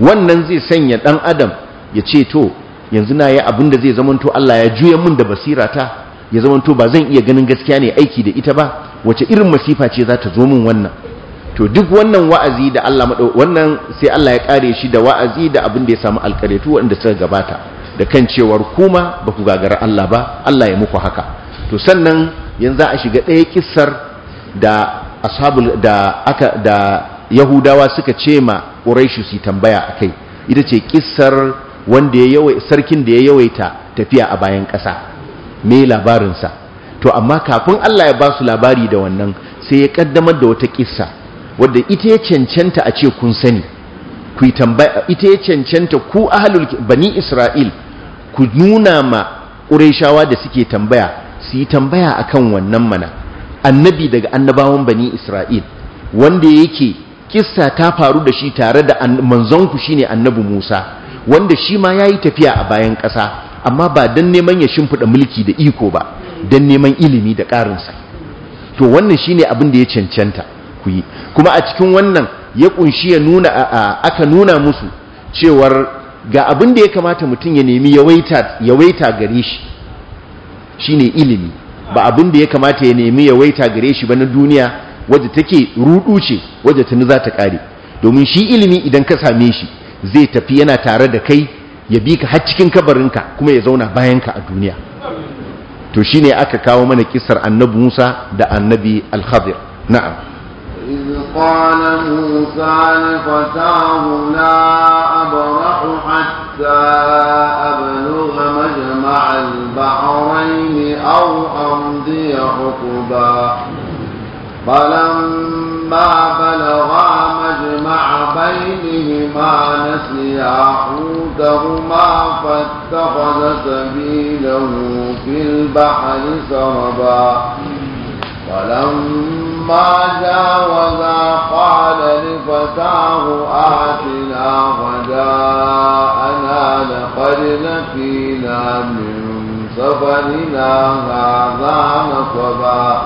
wannan zai sanya ɗan adam ya ce to yanzu na yi abin da zai zamanto Allah ya juya mun da basirata ya zamanto ba zan iya ganin gaskiya ne aiki da ita ba wace irin masifa ce za ta zo min wannan to duk wannan wa'azi da Allah wannan sai Allah ya ƙare shi da wa'azi da abin da ya samu alƙaretu wanda suka gabata da kan cewar kuma ba ku gagara Allah ba Allah ya muku haka to sannan yanzu a shiga ɗaya ƙisar da da da yahudawa suka ce ma quraishu su tambaya a kai, ita ce kisar wanda ya yawai sarkin da ya yawaita tafiya a bayan ƙasa me labarinsa. to amma kafin Allah ya ba su labari da wannan sai ya ƙaddamar da wata kissa wadda ita ya cancanta a ce kun sani ku yi tambaya ita ya cancanta ku ahlul bani isra'il ku nuna ma ƙuraishawa da suke tambaya su yi tambaya a kan wannan mana annabi daga annabawan bani isra'il wanda yake kissa ta faru da shi tare da manzonku shine annabi musa wanda shi ma ya yi tafiya a bayan ƙasa amma ba don neman ya shimfiɗa mulki da iko ba don neman ilimi da ƙarinsa to wannan shine abin da ya cancanta ku yi kuma a cikin wannan ya ƙunshi ya nuna a aka nuna musu cewar ga abin da ya kamata mutum ya nemi yawaita gare shi shine ilimi ba abin da ya kamata ya nemi ya waita gare shi ba na duniya wadda take rudu ce wadda tuni za ta kare domin shi ilimi idan ka same shi zai tafi yana tare da kai ya bi ka har cikin kabarinka kuma ya zauna bayanka a duniya to shine aka kawo mana kisar annabi Musa da annabi Al-Khadir na'am إذ قال موسى لفتاه لا أبرح حتى أبلغ مجمع البحرين أو أمضي حقبا فلما بلغا مجمع بينهما نسيا حوتهما فاتخذ سبيله في البحر سربا فلما فلما جاوزا قال لفتاه آتنا وجاءنا لقد نسينا من سفرنا هذا نصبا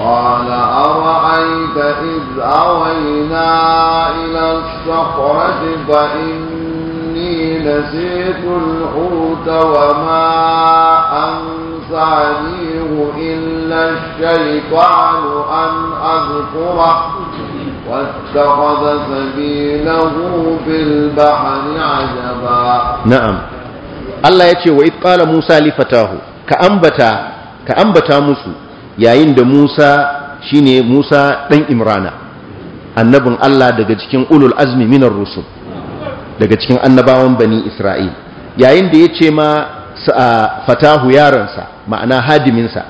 قال أرأيت إذ أوينا إلى الصخرة فإني نسيت الحوت وما أنت يستعنيه إلا الشيطان أن أذكره واتخذ سبيله في البحر عجبا نعم الله يتي وإذ قال موسى لفتاه كأنبتا كأنبتا موسى yayin da Musa shine Musa ɗan Imrana annabin Allah daga cikin ulul azmi minar rusul daga cikin annabawan bani Isra'il yayin da ya ce ma fatahu yaransa ma'ana hadiminsa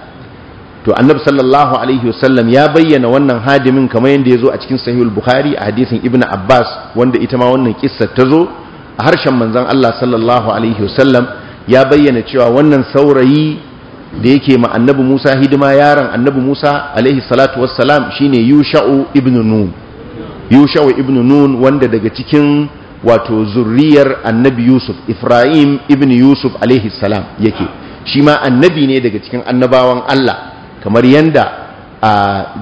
to annabi sallallahu alaihi wasallam ya bayyana wannan hadimin kamar yadda ya zo a cikin sahihul bukhari a hadisin ibnu abbas wanda ita ma wannan kissa ta zo a harshen manzon allah sallallahu alaihi wasallam ya bayyana cewa wannan saurayi da yake ma annabi musa hidima yaron annabi musa alaihi salatu wassalam shine yusha'u ibnu nun yusha'u ibnu nun wanda daga cikin wato zurriyar annabi yusuf ibrahim ibnu yusuf alaihi salam yake shi ma annabi ne daga cikin annabawan Allah kamar yanda a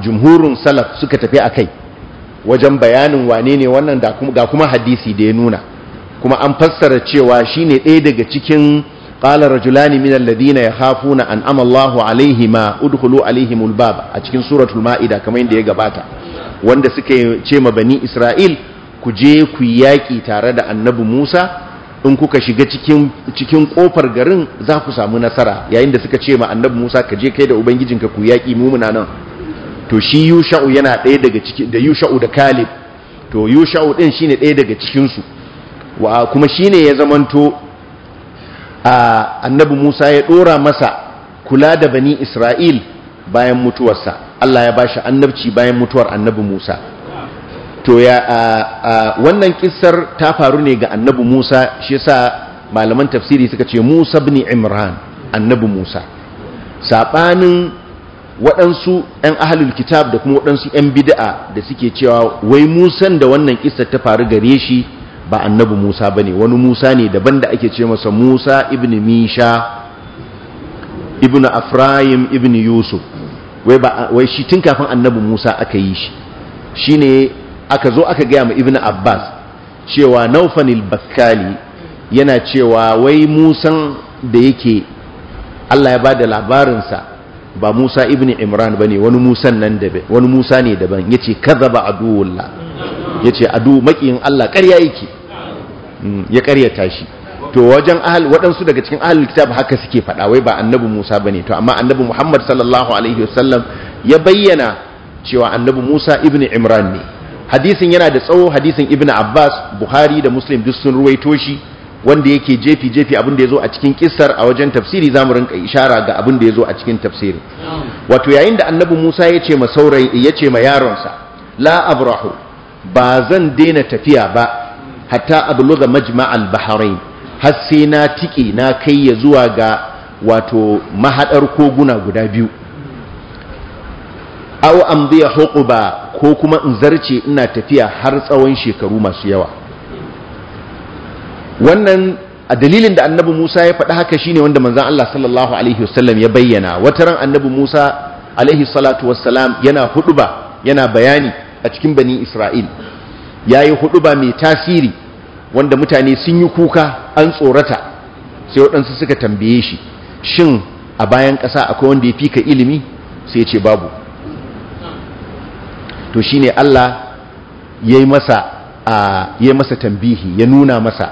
jumhurin salaf suka tafi a kai wajen bayanin wane ne wannan ga kuma hadisi da ya nuna kuma an fassara cewa shi ne ɗaya daga cikin ƙalar rajulani min hafu na an amallahu alaihima udhulu alaihimul bab a cikin suratul maida kamar yadda ya gabata wanda suka ce ma bani isra'il ku je ku yaƙi tare da annabi Musa in kuka shiga cikin kofar garin za ku samu nasara yayin da suka ce ma annabi Musa ka je kai da ubangijinka ku yaƙi mumuna nan to shi Yusha'u yana ɗaya daga cikin da Yusha'u da Kalib to Yusha'u ɗin shine ɗaya daga cikinsu. wa kuma shine ya zamanto annabi Musa ya ɗora masa kula da bani Isra'il bayan mutuwarsa Allah ya bashi annabci bayan mutuwar annabi Musa to ya wannan kissar ta faru ne ga annabi Musa shi yasa malaman tafsiri suka ce Musa ibn Imran annabi Musa sabanin waɗansu 'yan ahalul kitab da kuma waɗansu 'yan bid'a da suke cewa wai musan da wannan kissar ta faru gare shi ba annabi Musa ba ne, wani Musa ne daban da ake ce masa Musa ibn Misha ibn Afrayim, ibn Yusuf wai shi tun kafin annabi Musa aka yi shi shine aka zo aka gaya ma ibn abbas cewa naufanil baskali yana cewa wai musan da yake allah ya ba da labarinsa ba musa ibn imran ba ne wani musan nan da wani musa ne daban ya ce kaza ba aduwullah ya ce adu makiyin allah karya yake mm, ya karya tashi to wajen ahal waɗansu daga cikin ahalul kitab haka suke faɗa wai ba annabi Musa ba ne to amma annabi Muhammad sallallahu alaihi wasallam ya bayyana cewa annabi Musa Ibn Imran ne hadisin yana da tsawo hadisin ibn abbas buhari da muslim duk sun ruwaito shi wanda yake jefi jefi abin da ya zo a cikin kissar a wajen tafsiri za mu rinka ishara ga abin da ya zo a cikin tafsiri wato yayin da annabi musa ya ce ma ya ce ma yaronsa la abrahu ba zan daina tafiya ba hatta abluga majma'al bahrain har sai na tiki na kai ya zuwa ga wato mahadar koguna guda biyu aw amdiya huquba ko kuma in zarce ina tafiya har tsawon shekaru masu yawa wannan a dalilin da annabi Musa ya faɗi haka shine wanda manzon Allah sallallahu alaihi wasallam ya bayyana Wata ran annabi Musa alaihi salatu wassalam yana huduba yana bayani a cikin bani Isra'il yayi huduba mai tasiri wanda mutane sun yi kuka an tsorata sai waɗansu suka tambaye shi shin a bayan ƙasa akwai wanda ya fika ilimi sai ya ce babu to shi ne Allah yi masa yi masa tambihi ya nuna masa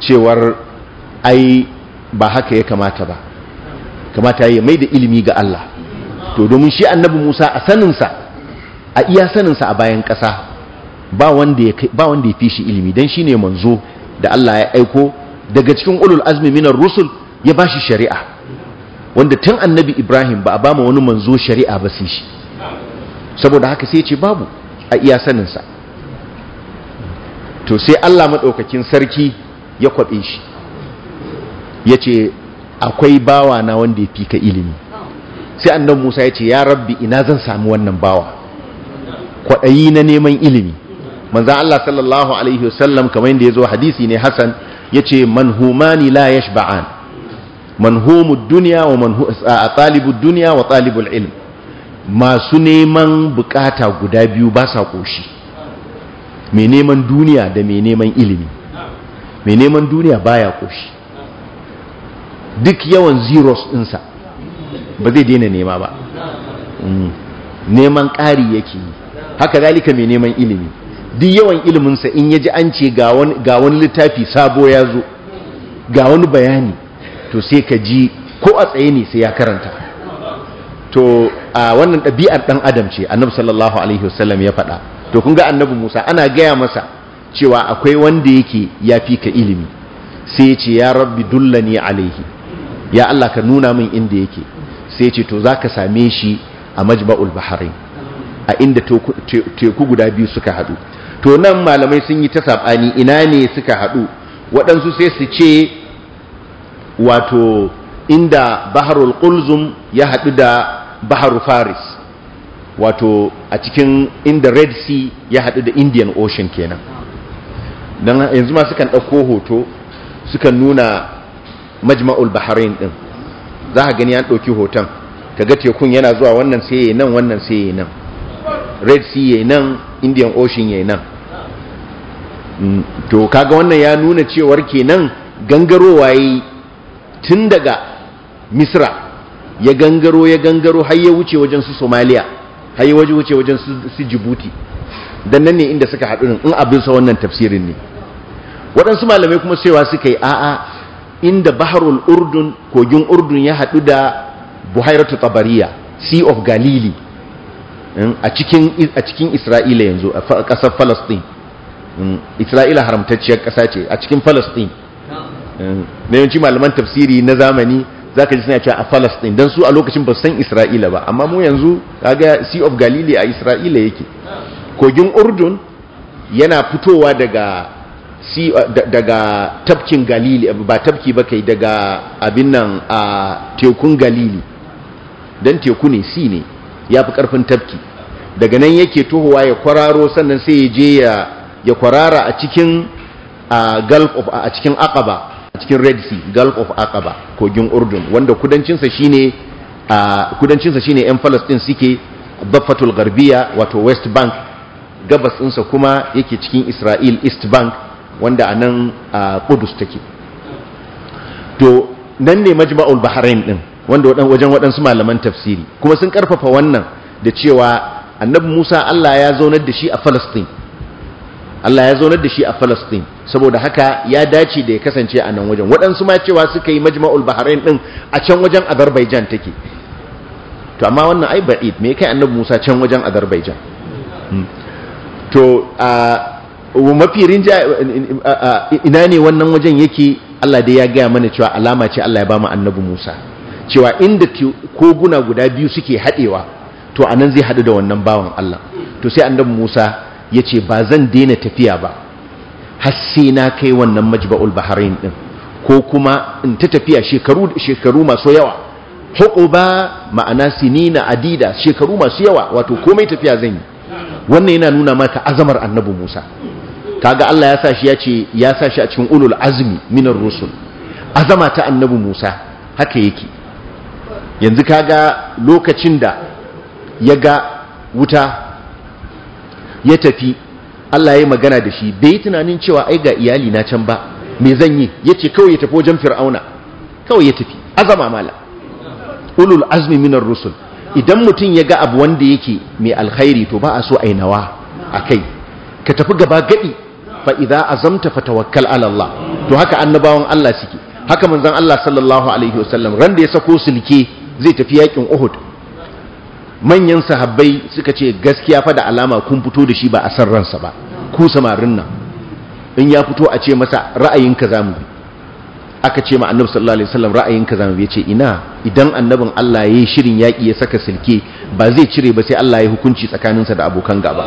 cewar ai ba haka ya kamata ba kamata ya mai da ilimi ga Allah to domin shi annabi Musa a saninsa a iya saninsa a bayan ƙasa ba wanda ya fi shi ilimi don shi ne manzo da Allah ya aiko daga cikin ulul azmi minar rusul ya ba shi shari'a wanda tun annabi Ibrahim ba a ba ma wani manzo shari'a ba su shi saboda haka sai ce babu a iya saninsa to sai Allah maɗaukakin sarki ya kwaɓe shi ya ce akwai bawa na wanda ya fi ka ilimi sai annan musa ya ce ya rabbi ina zan sami wannan bawa kwaɗayi na neman ilimi manzan Allah sallallahu alaihi wasallam kamar yadda ya zo hadisi ne Hassan ya ce manhumani la yashba'an manhumud duniya wa hu a duniya wa talibul ilm masu neman bukata guda biyu ba sa ƙoshi mai neman duniya da mai neman ilimi mai neman duniya baya ƙoshi duk yawan zeros ɗinsa ba zai daina nema ba mm. neman ƙari yake yi haka zalika mai neman ilimi duk yawan iliminsa in ya ji an ce ga wani littafi sabo ya zo ga wani bayani to sai ka ji ko a tsaye ne sai ya karanta to a wannan ɗabi'ar ɗan adam ce annabi sallallahu alaihi wasallam ya faɗa to kun ga annabi musa ana gaya masa cewa akwai wanda yake ya fi ka ilimi sai ya ce ya rabbi dullani alaihi ya allah ka nuna min inda yake sai ce to za ka same shi a majba'ul baharin a inda teku guda biyu suka haɗu to nan malamai sun yi ta saɓani ina ne suka haɗu waɗansu sai su ce wato inda baharul ƙulzum ya haɗu da baharu faris wato a cikin inda red sea ya haɗu da indian ocean kenan don yanzu ma sukan ɗauko hoto sukan nuna majma'ul baharin ɗin za a gani an ɗauki hoton Ka ga tekun yana zuwa wannan sai yayi nan wannan sai yayi nan red sea yayi nan indian ocean yayi nan mm, to kaga wannan ya nuna cewar kenan gangarowa yi tun daga misra ya gangaro ya gangaro har ya wuce wajen su Somalia har ya wuce wajen su Djibouti dan nan ne inda suka haɗu in abin sa wannan tafsirin ne waɗansu malamai kuma cewa suka yi a'a inda baharul urdun kogin urdun ya haɗu da buhairatu tabariya sea of galili hmm, a cikin isra'ila yanzu a ƙasar falastin hmm, isra'ila haramtacciyar ƙasa ce a cikin falastin na hmm, yawanci malaman tafsiri na zamani za ka ji suna cewa a palestine don su a lokacin ba san isra'ila ba amma mu yanzu kaga sea of galilee a isra'ila yake kogin urdun yana fitowa daga daga tafkin galili ba tafki ba kai daga abin nan a tekun galili Dan teku ne si ne ya fi karfin tafki daga nan yake tohowa ya kwararo sannan sai ya je ya kwarara a cikin gulf of a cikin akaba a cikin red sea gulf of aqaba kogin urdun wanda kudancinsa shine yan palestine suke baffatul garbiya wato west bank gabas ɗinsa kuma yake cikin israel east bank wanda a nan kudus take to nan ne majma'ul bahrain din wanda wajen waɗansu malaman tafsiri kuma sun ƙarfafa wannan da cewa annabi musa allah ya zaunar da shi a palestine Allah ya zaunar da shi a falastin saboda haka ya dace da ya kasance a nan wajen waɗansu ma cewa suka yi majma'ul Bahrain ɗin a can wajen Azerbaijan take to amma wannan ai ba'id me kai annabi Musa can wajen Azerbaijan hmm. to mafi rinja ina ne wannan wajen yake Allah dai ya gaya mana cewa alama ce Allah ya ba mu annabi Musa cewa inda koguna guda biyu suke haɗewa to anan zai haɗu da wannan bawan Allah to sai annabi Musa ya ce ba zan daina tafiya ba har sai na kai wannan majba'ul bahrain din ko kuma in ta tafiya shekaru masu yawa ba ma'ana sinina adida shekaru masu yawa wato komai tafiya zan yi wannan yana nuna maka azamar annabi Musa kaga Allah ya sa shi ya ce ya sa shi a cikin ulul azumi minar rusul azama ta annabi Musa haka yake yanzu kaga lokacin da ya ga wuta ya tafi Allah ya magana da shi bai tunanin cewa ai ga iyali na can ba me zan yi yace kawai ya tafi wajen fir'auna kawai ya tafi azama mala ulul azmi minar rusul idan mutum ya ga abu wanda yake mai alkhairi to ba a so ainawa akai ka tafi gaba gadi fa idza azamta fatawakkal ala Allah to haka annabawan Allah suke haka manzon Allah sallallahu alaihi wasallam ran da ya sako sulke zai tafi yakin Uhud manyan sahabbai suka ce gaskiya fa da alama kun fito da shi ba a san ransa ba ku samarin nan in ya fito a ce masa ra'ayinka zamu bi aka ce ma annabi sallallahu alaihi wasallam ra'ayinka zamu bi yace ina idan annabin Allah yayi shirin yaki ya saka silke ba zai cire ba sai Allah ya hukunci sa da abokan gaba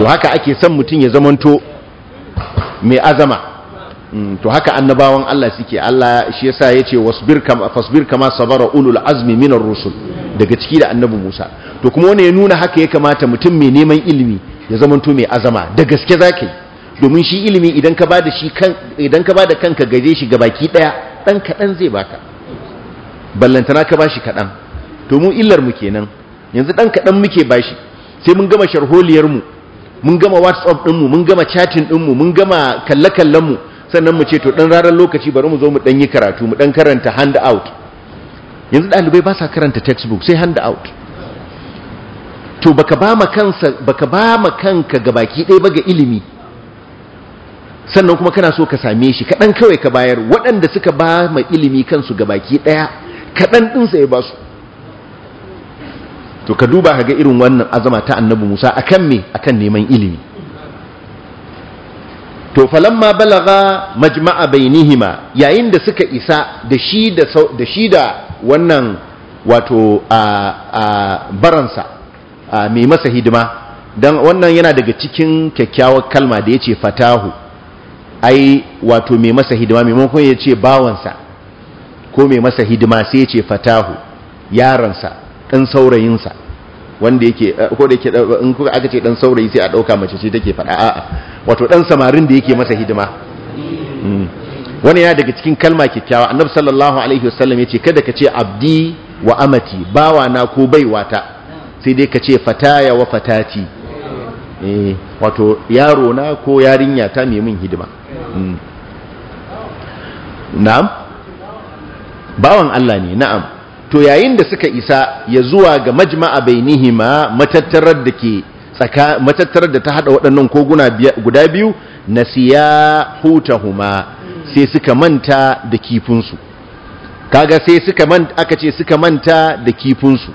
to haka ake son mutun ya zamanto mai azama Mm, to haka annabawan Allah suke Allah shi yasa yace wasbir kam fasbir kama sabara ulul azmi minar rusul daga ciki da annabi Musa to kuma wannan ya nuna haka ya kamata mutum mai neman ilimi ya zamanto mai azama da gaske zake domin shi ilimi idan ka bada shi kan idan ka bada kanka gaje shi ga baki daya dan kadan zai baka ballantana ka bashi kadan to mu illar mu kenan yanzu dan kadan muke bashi sai mun gama sharholiyar mu mun gama whatsapp din mu mun gama chatting din mu mun gama kalle kallan mu sannan mu ce to dan rarar lokaci bari mu zo mu dan yi karatu mu dan karanta hand out yanzu dalibai ba sa karanta textbook sai hand out to baka ba ma kansa baka ba ma kanka gabaki ɗaya ba ga ilimi sannan kuma kana so ka same shi kaɗan kawai ka bayar waɗanda suka ba ma ilimi kansu gabaki ɗaya kaɗan ɗinsa ya ba su to ka duba ka ga irin wannan azama ta annabi musa akan me akan neman ilimi to falamma balaga majma'a bainihima yayin da suka isa da shi da da shi da wannan wato a a baransa mai masa hidima dan wannan yana daga cikin kyakkyawar kalma da yace fatahu ai wato mai masa hidima maimakon yace bawansa ko mai masa hidima sai yace fatahu yaransa dan saurayinsa wanda yake ko da yake in kuka aka ce dan saurayi sai a dauka mace ce take fada a'a wato dan samarin da yake masa hidima hmm. wani yana daga cikin kalma kyakkyawa annabi sallallahu alaihi wasallam yace kada ka ce abdi wa amati bawa na ko baiwata sai dai ka ce fataya wa fatati eh, wato yaro na ko yarinya ta mai min hidima hmm. na'am bawan Allah ne na'am to yayin da suka isa ya zuwa ga majma'a bainihima matattarar da ke matattarar da ta hada waɗannan koguna guda biyu na nasiya hutahuma sai suka manta da kifinsu kaga sai suka manta aka ce suka manta da kifinsu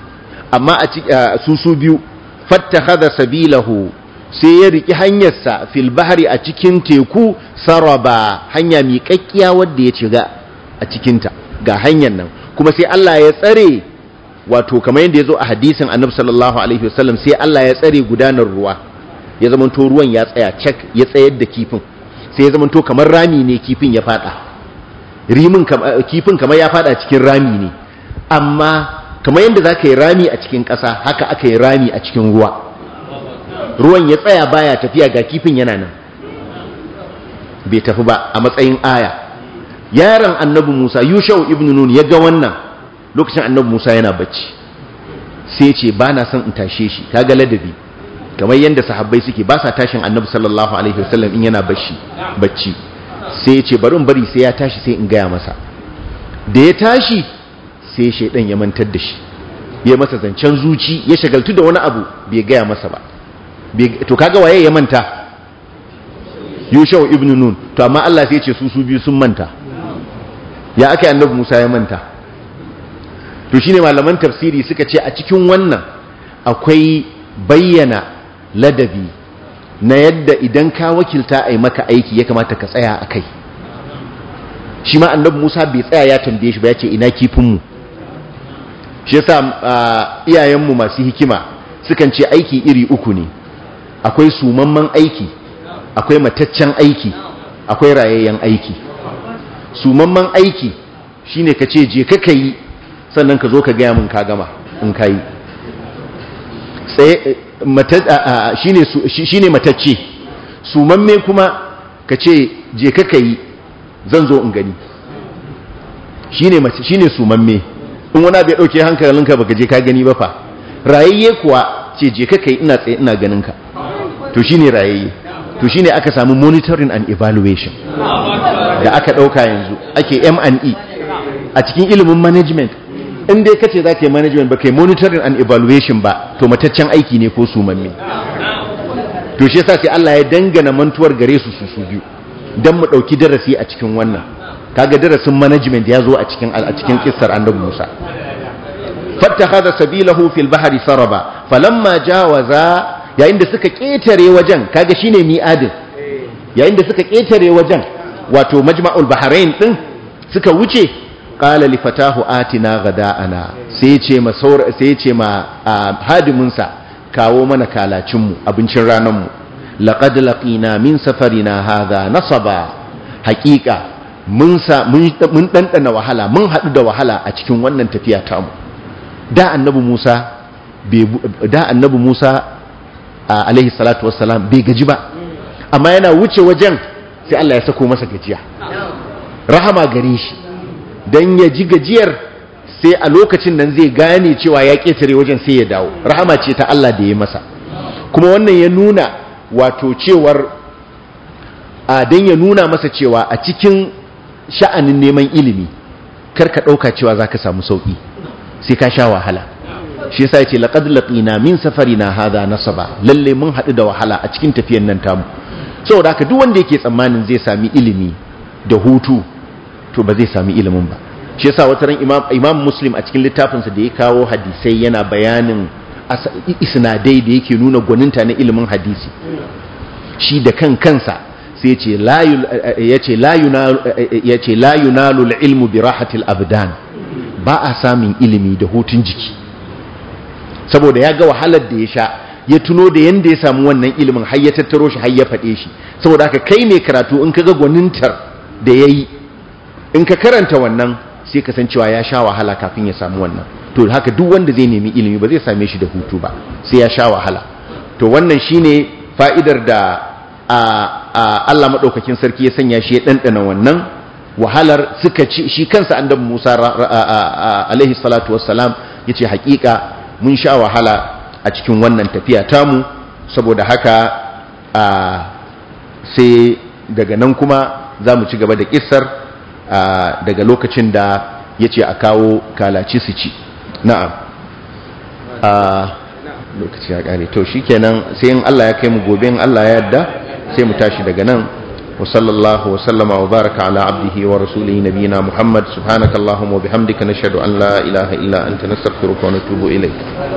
amma a su su biyu fattakhadha sabilahu sai ya riki hanyarsa fil bahri a cikin teku saraba hanya miƙaƙƙiya wadda ya shiga a cikinta ga hanyar nan kuma sai Allah ya tsare wato kamar yadda ya zo a hadisin annabi sallallahu alaihi wasallam sai Allah ya tsare gudanar ruwa ya to ruwan ya tsaya cek, ya tsayar da kifin sai ya to kamar rami ne kifin ya fada rimin kifin kamar ya fada cikin rami ne amma kamar yadda za ka yi rami a cikin ƙasa haka aka yi rami a cikin ruwa ruwan ya tsaya baya tafiya ga kifin yana nan bai tafi ba a matsayin aya yaron annabi Musa Yushau ibn Nun ya ga wannan lokacin annabi Musa yana bacci sai ce ba na son in tashe shi kaga ladabi kamar yadda sahabbai suke ba sa tashin annabi sallallahu alaihi wasallam in yana bacci bacci sai ce bari in bari sai ya tashi sai in gaya masa da ya tashi sai shaidan ya mantar da shi ya masa zancen zuci ya shagaltu da wani abu bai gaya masa ba to kaga waye ya manta yushau ibn nun to amma Allah sai ya ce su su biyu sun manta ya ake annabi Musa ya manta to shine malaman tafsiri suka ce a cikin wannan akwai bayyana ladabi na yadda idan ka wakilta ai maka aiki ya kamata ka tsaya a kai shi ma annabi Musa bai tsaya ya tambaye shi ba ya ce ina kifinmu? mu shi yasa mu masu hikima sukan ce aiki iri uku ne akwai sumamman aiki akwai mataccen aiki akwai rayayyen aiki sumamman aiki shine kace je ka kai sannan ka zo ka gaya min ka gama in ka yi shi ne matacce sumamme kuma ka ce je ka ka yi zan zo in gani shi ne sumamme in wani abu ya ɗauke hankalinka ka je ka gani ba fa rayayye kuwa ce je ka ka yi ina tsaye ina ganinka to shi ne rayayye to shine aka samu monitoring and evaluation da aka dauka yanzu ake M&E a cikin ilimin management in dai kace za ka yi management ba ka yi monitoring and evaluation ba to mataccen aiki ne ko sumamme to shi sa sai Allah ya dangana mantuwar gare su su biyu don mu ɗauki darasi a cikin wannan kaga darasin management ya zo a cikin a cikin Musa. annabi Musa fattakhadha sabilahu fil Bahari, saraba falamma jawaza yayin da suka ketare wajen kaga shine mi'adin yayin da suka ketare wajen wato majma'ul bahrain din suka wuce qala li fatahu atina ghada'ana sai ce ma sai ce ma hadiminsa kawo mana kalacin mu abincin ranar mu laqad laqina min safarina hadha nasaba haqiqa mun sa mun dandana wahala mun hadu da wahala a cikin wannan tafiya ta mu da annabi Musa da annabi Musa alaihi salatu wassalam bai gaji ba amma yana wuce wajen sai Allah ya sako masa gajiya rahama gare shi don ya ji gajiyar sai a lokacin nan zai gane cewa ya ƙetare wajen sai ya dawo rahama ce ta Allah da ya masa kuma wannan ya nuna wato cewar a don ya nuna masa cewa a cikin sha'anin neman ilimi karka ɗauka cewa za ka samu sauƙi sai ka sha wahala shi yasa ce laqad na min safari na haza na saba, lalle mun haɗu da wahala a cikin tafiyan nan tamu saboda haka duk wanda yake tsammanin zai sami ilimi da hutu to ba zai sami ilimin ba shi yasa wata ran imam muslim a cikin littafinsa da ya kawo hadisai yana bayanin isnadai da yake nuna gwaninta na ilimin hadisi shi da kan kansa sai ya ce la yunalu ilmu bi rahatil abdan ba a samun ilimi da hutun jiki saboda ya ga wahalar da ya sha ya tuno da yanda ya samu wannan ilimin har ya tattaro shi har ya faɗe shi saboda haka kai mai karatu in kaga gwanintar da yayi in ka karanta wannan sai ka san cewa ya sha wahala kafin ya samu wannan to haka duk wanda zai nemi ilimi ba zai same shi da hutu ba sai ya sha wahala to wannan shine fa'idar da Allah madaukakin sarki ya sanya shi ya dandana wannan wahalar suka ci shi kansa annabi Musa alaihi salatu wassalam yace hakika mun sha wahala a cikin wannan tafiya tamu saboda haka sai daga nan kuma za mu ci gaba da kissar daga lokacin da ya ce a kawo kalaci su ci na'am lokaci ya kare to shi kenan sai in Allah ya kai mu gobe in Allah ya yadda sai mu tashi daga nan wa sallallahu wa sallama wa baraka ala abdihi wa rasulihi nabiyina muhammad subhanakallahumma wa bihamdika nashhadu an la ilaha illa anta nastaghfiruka wa natubu ilayk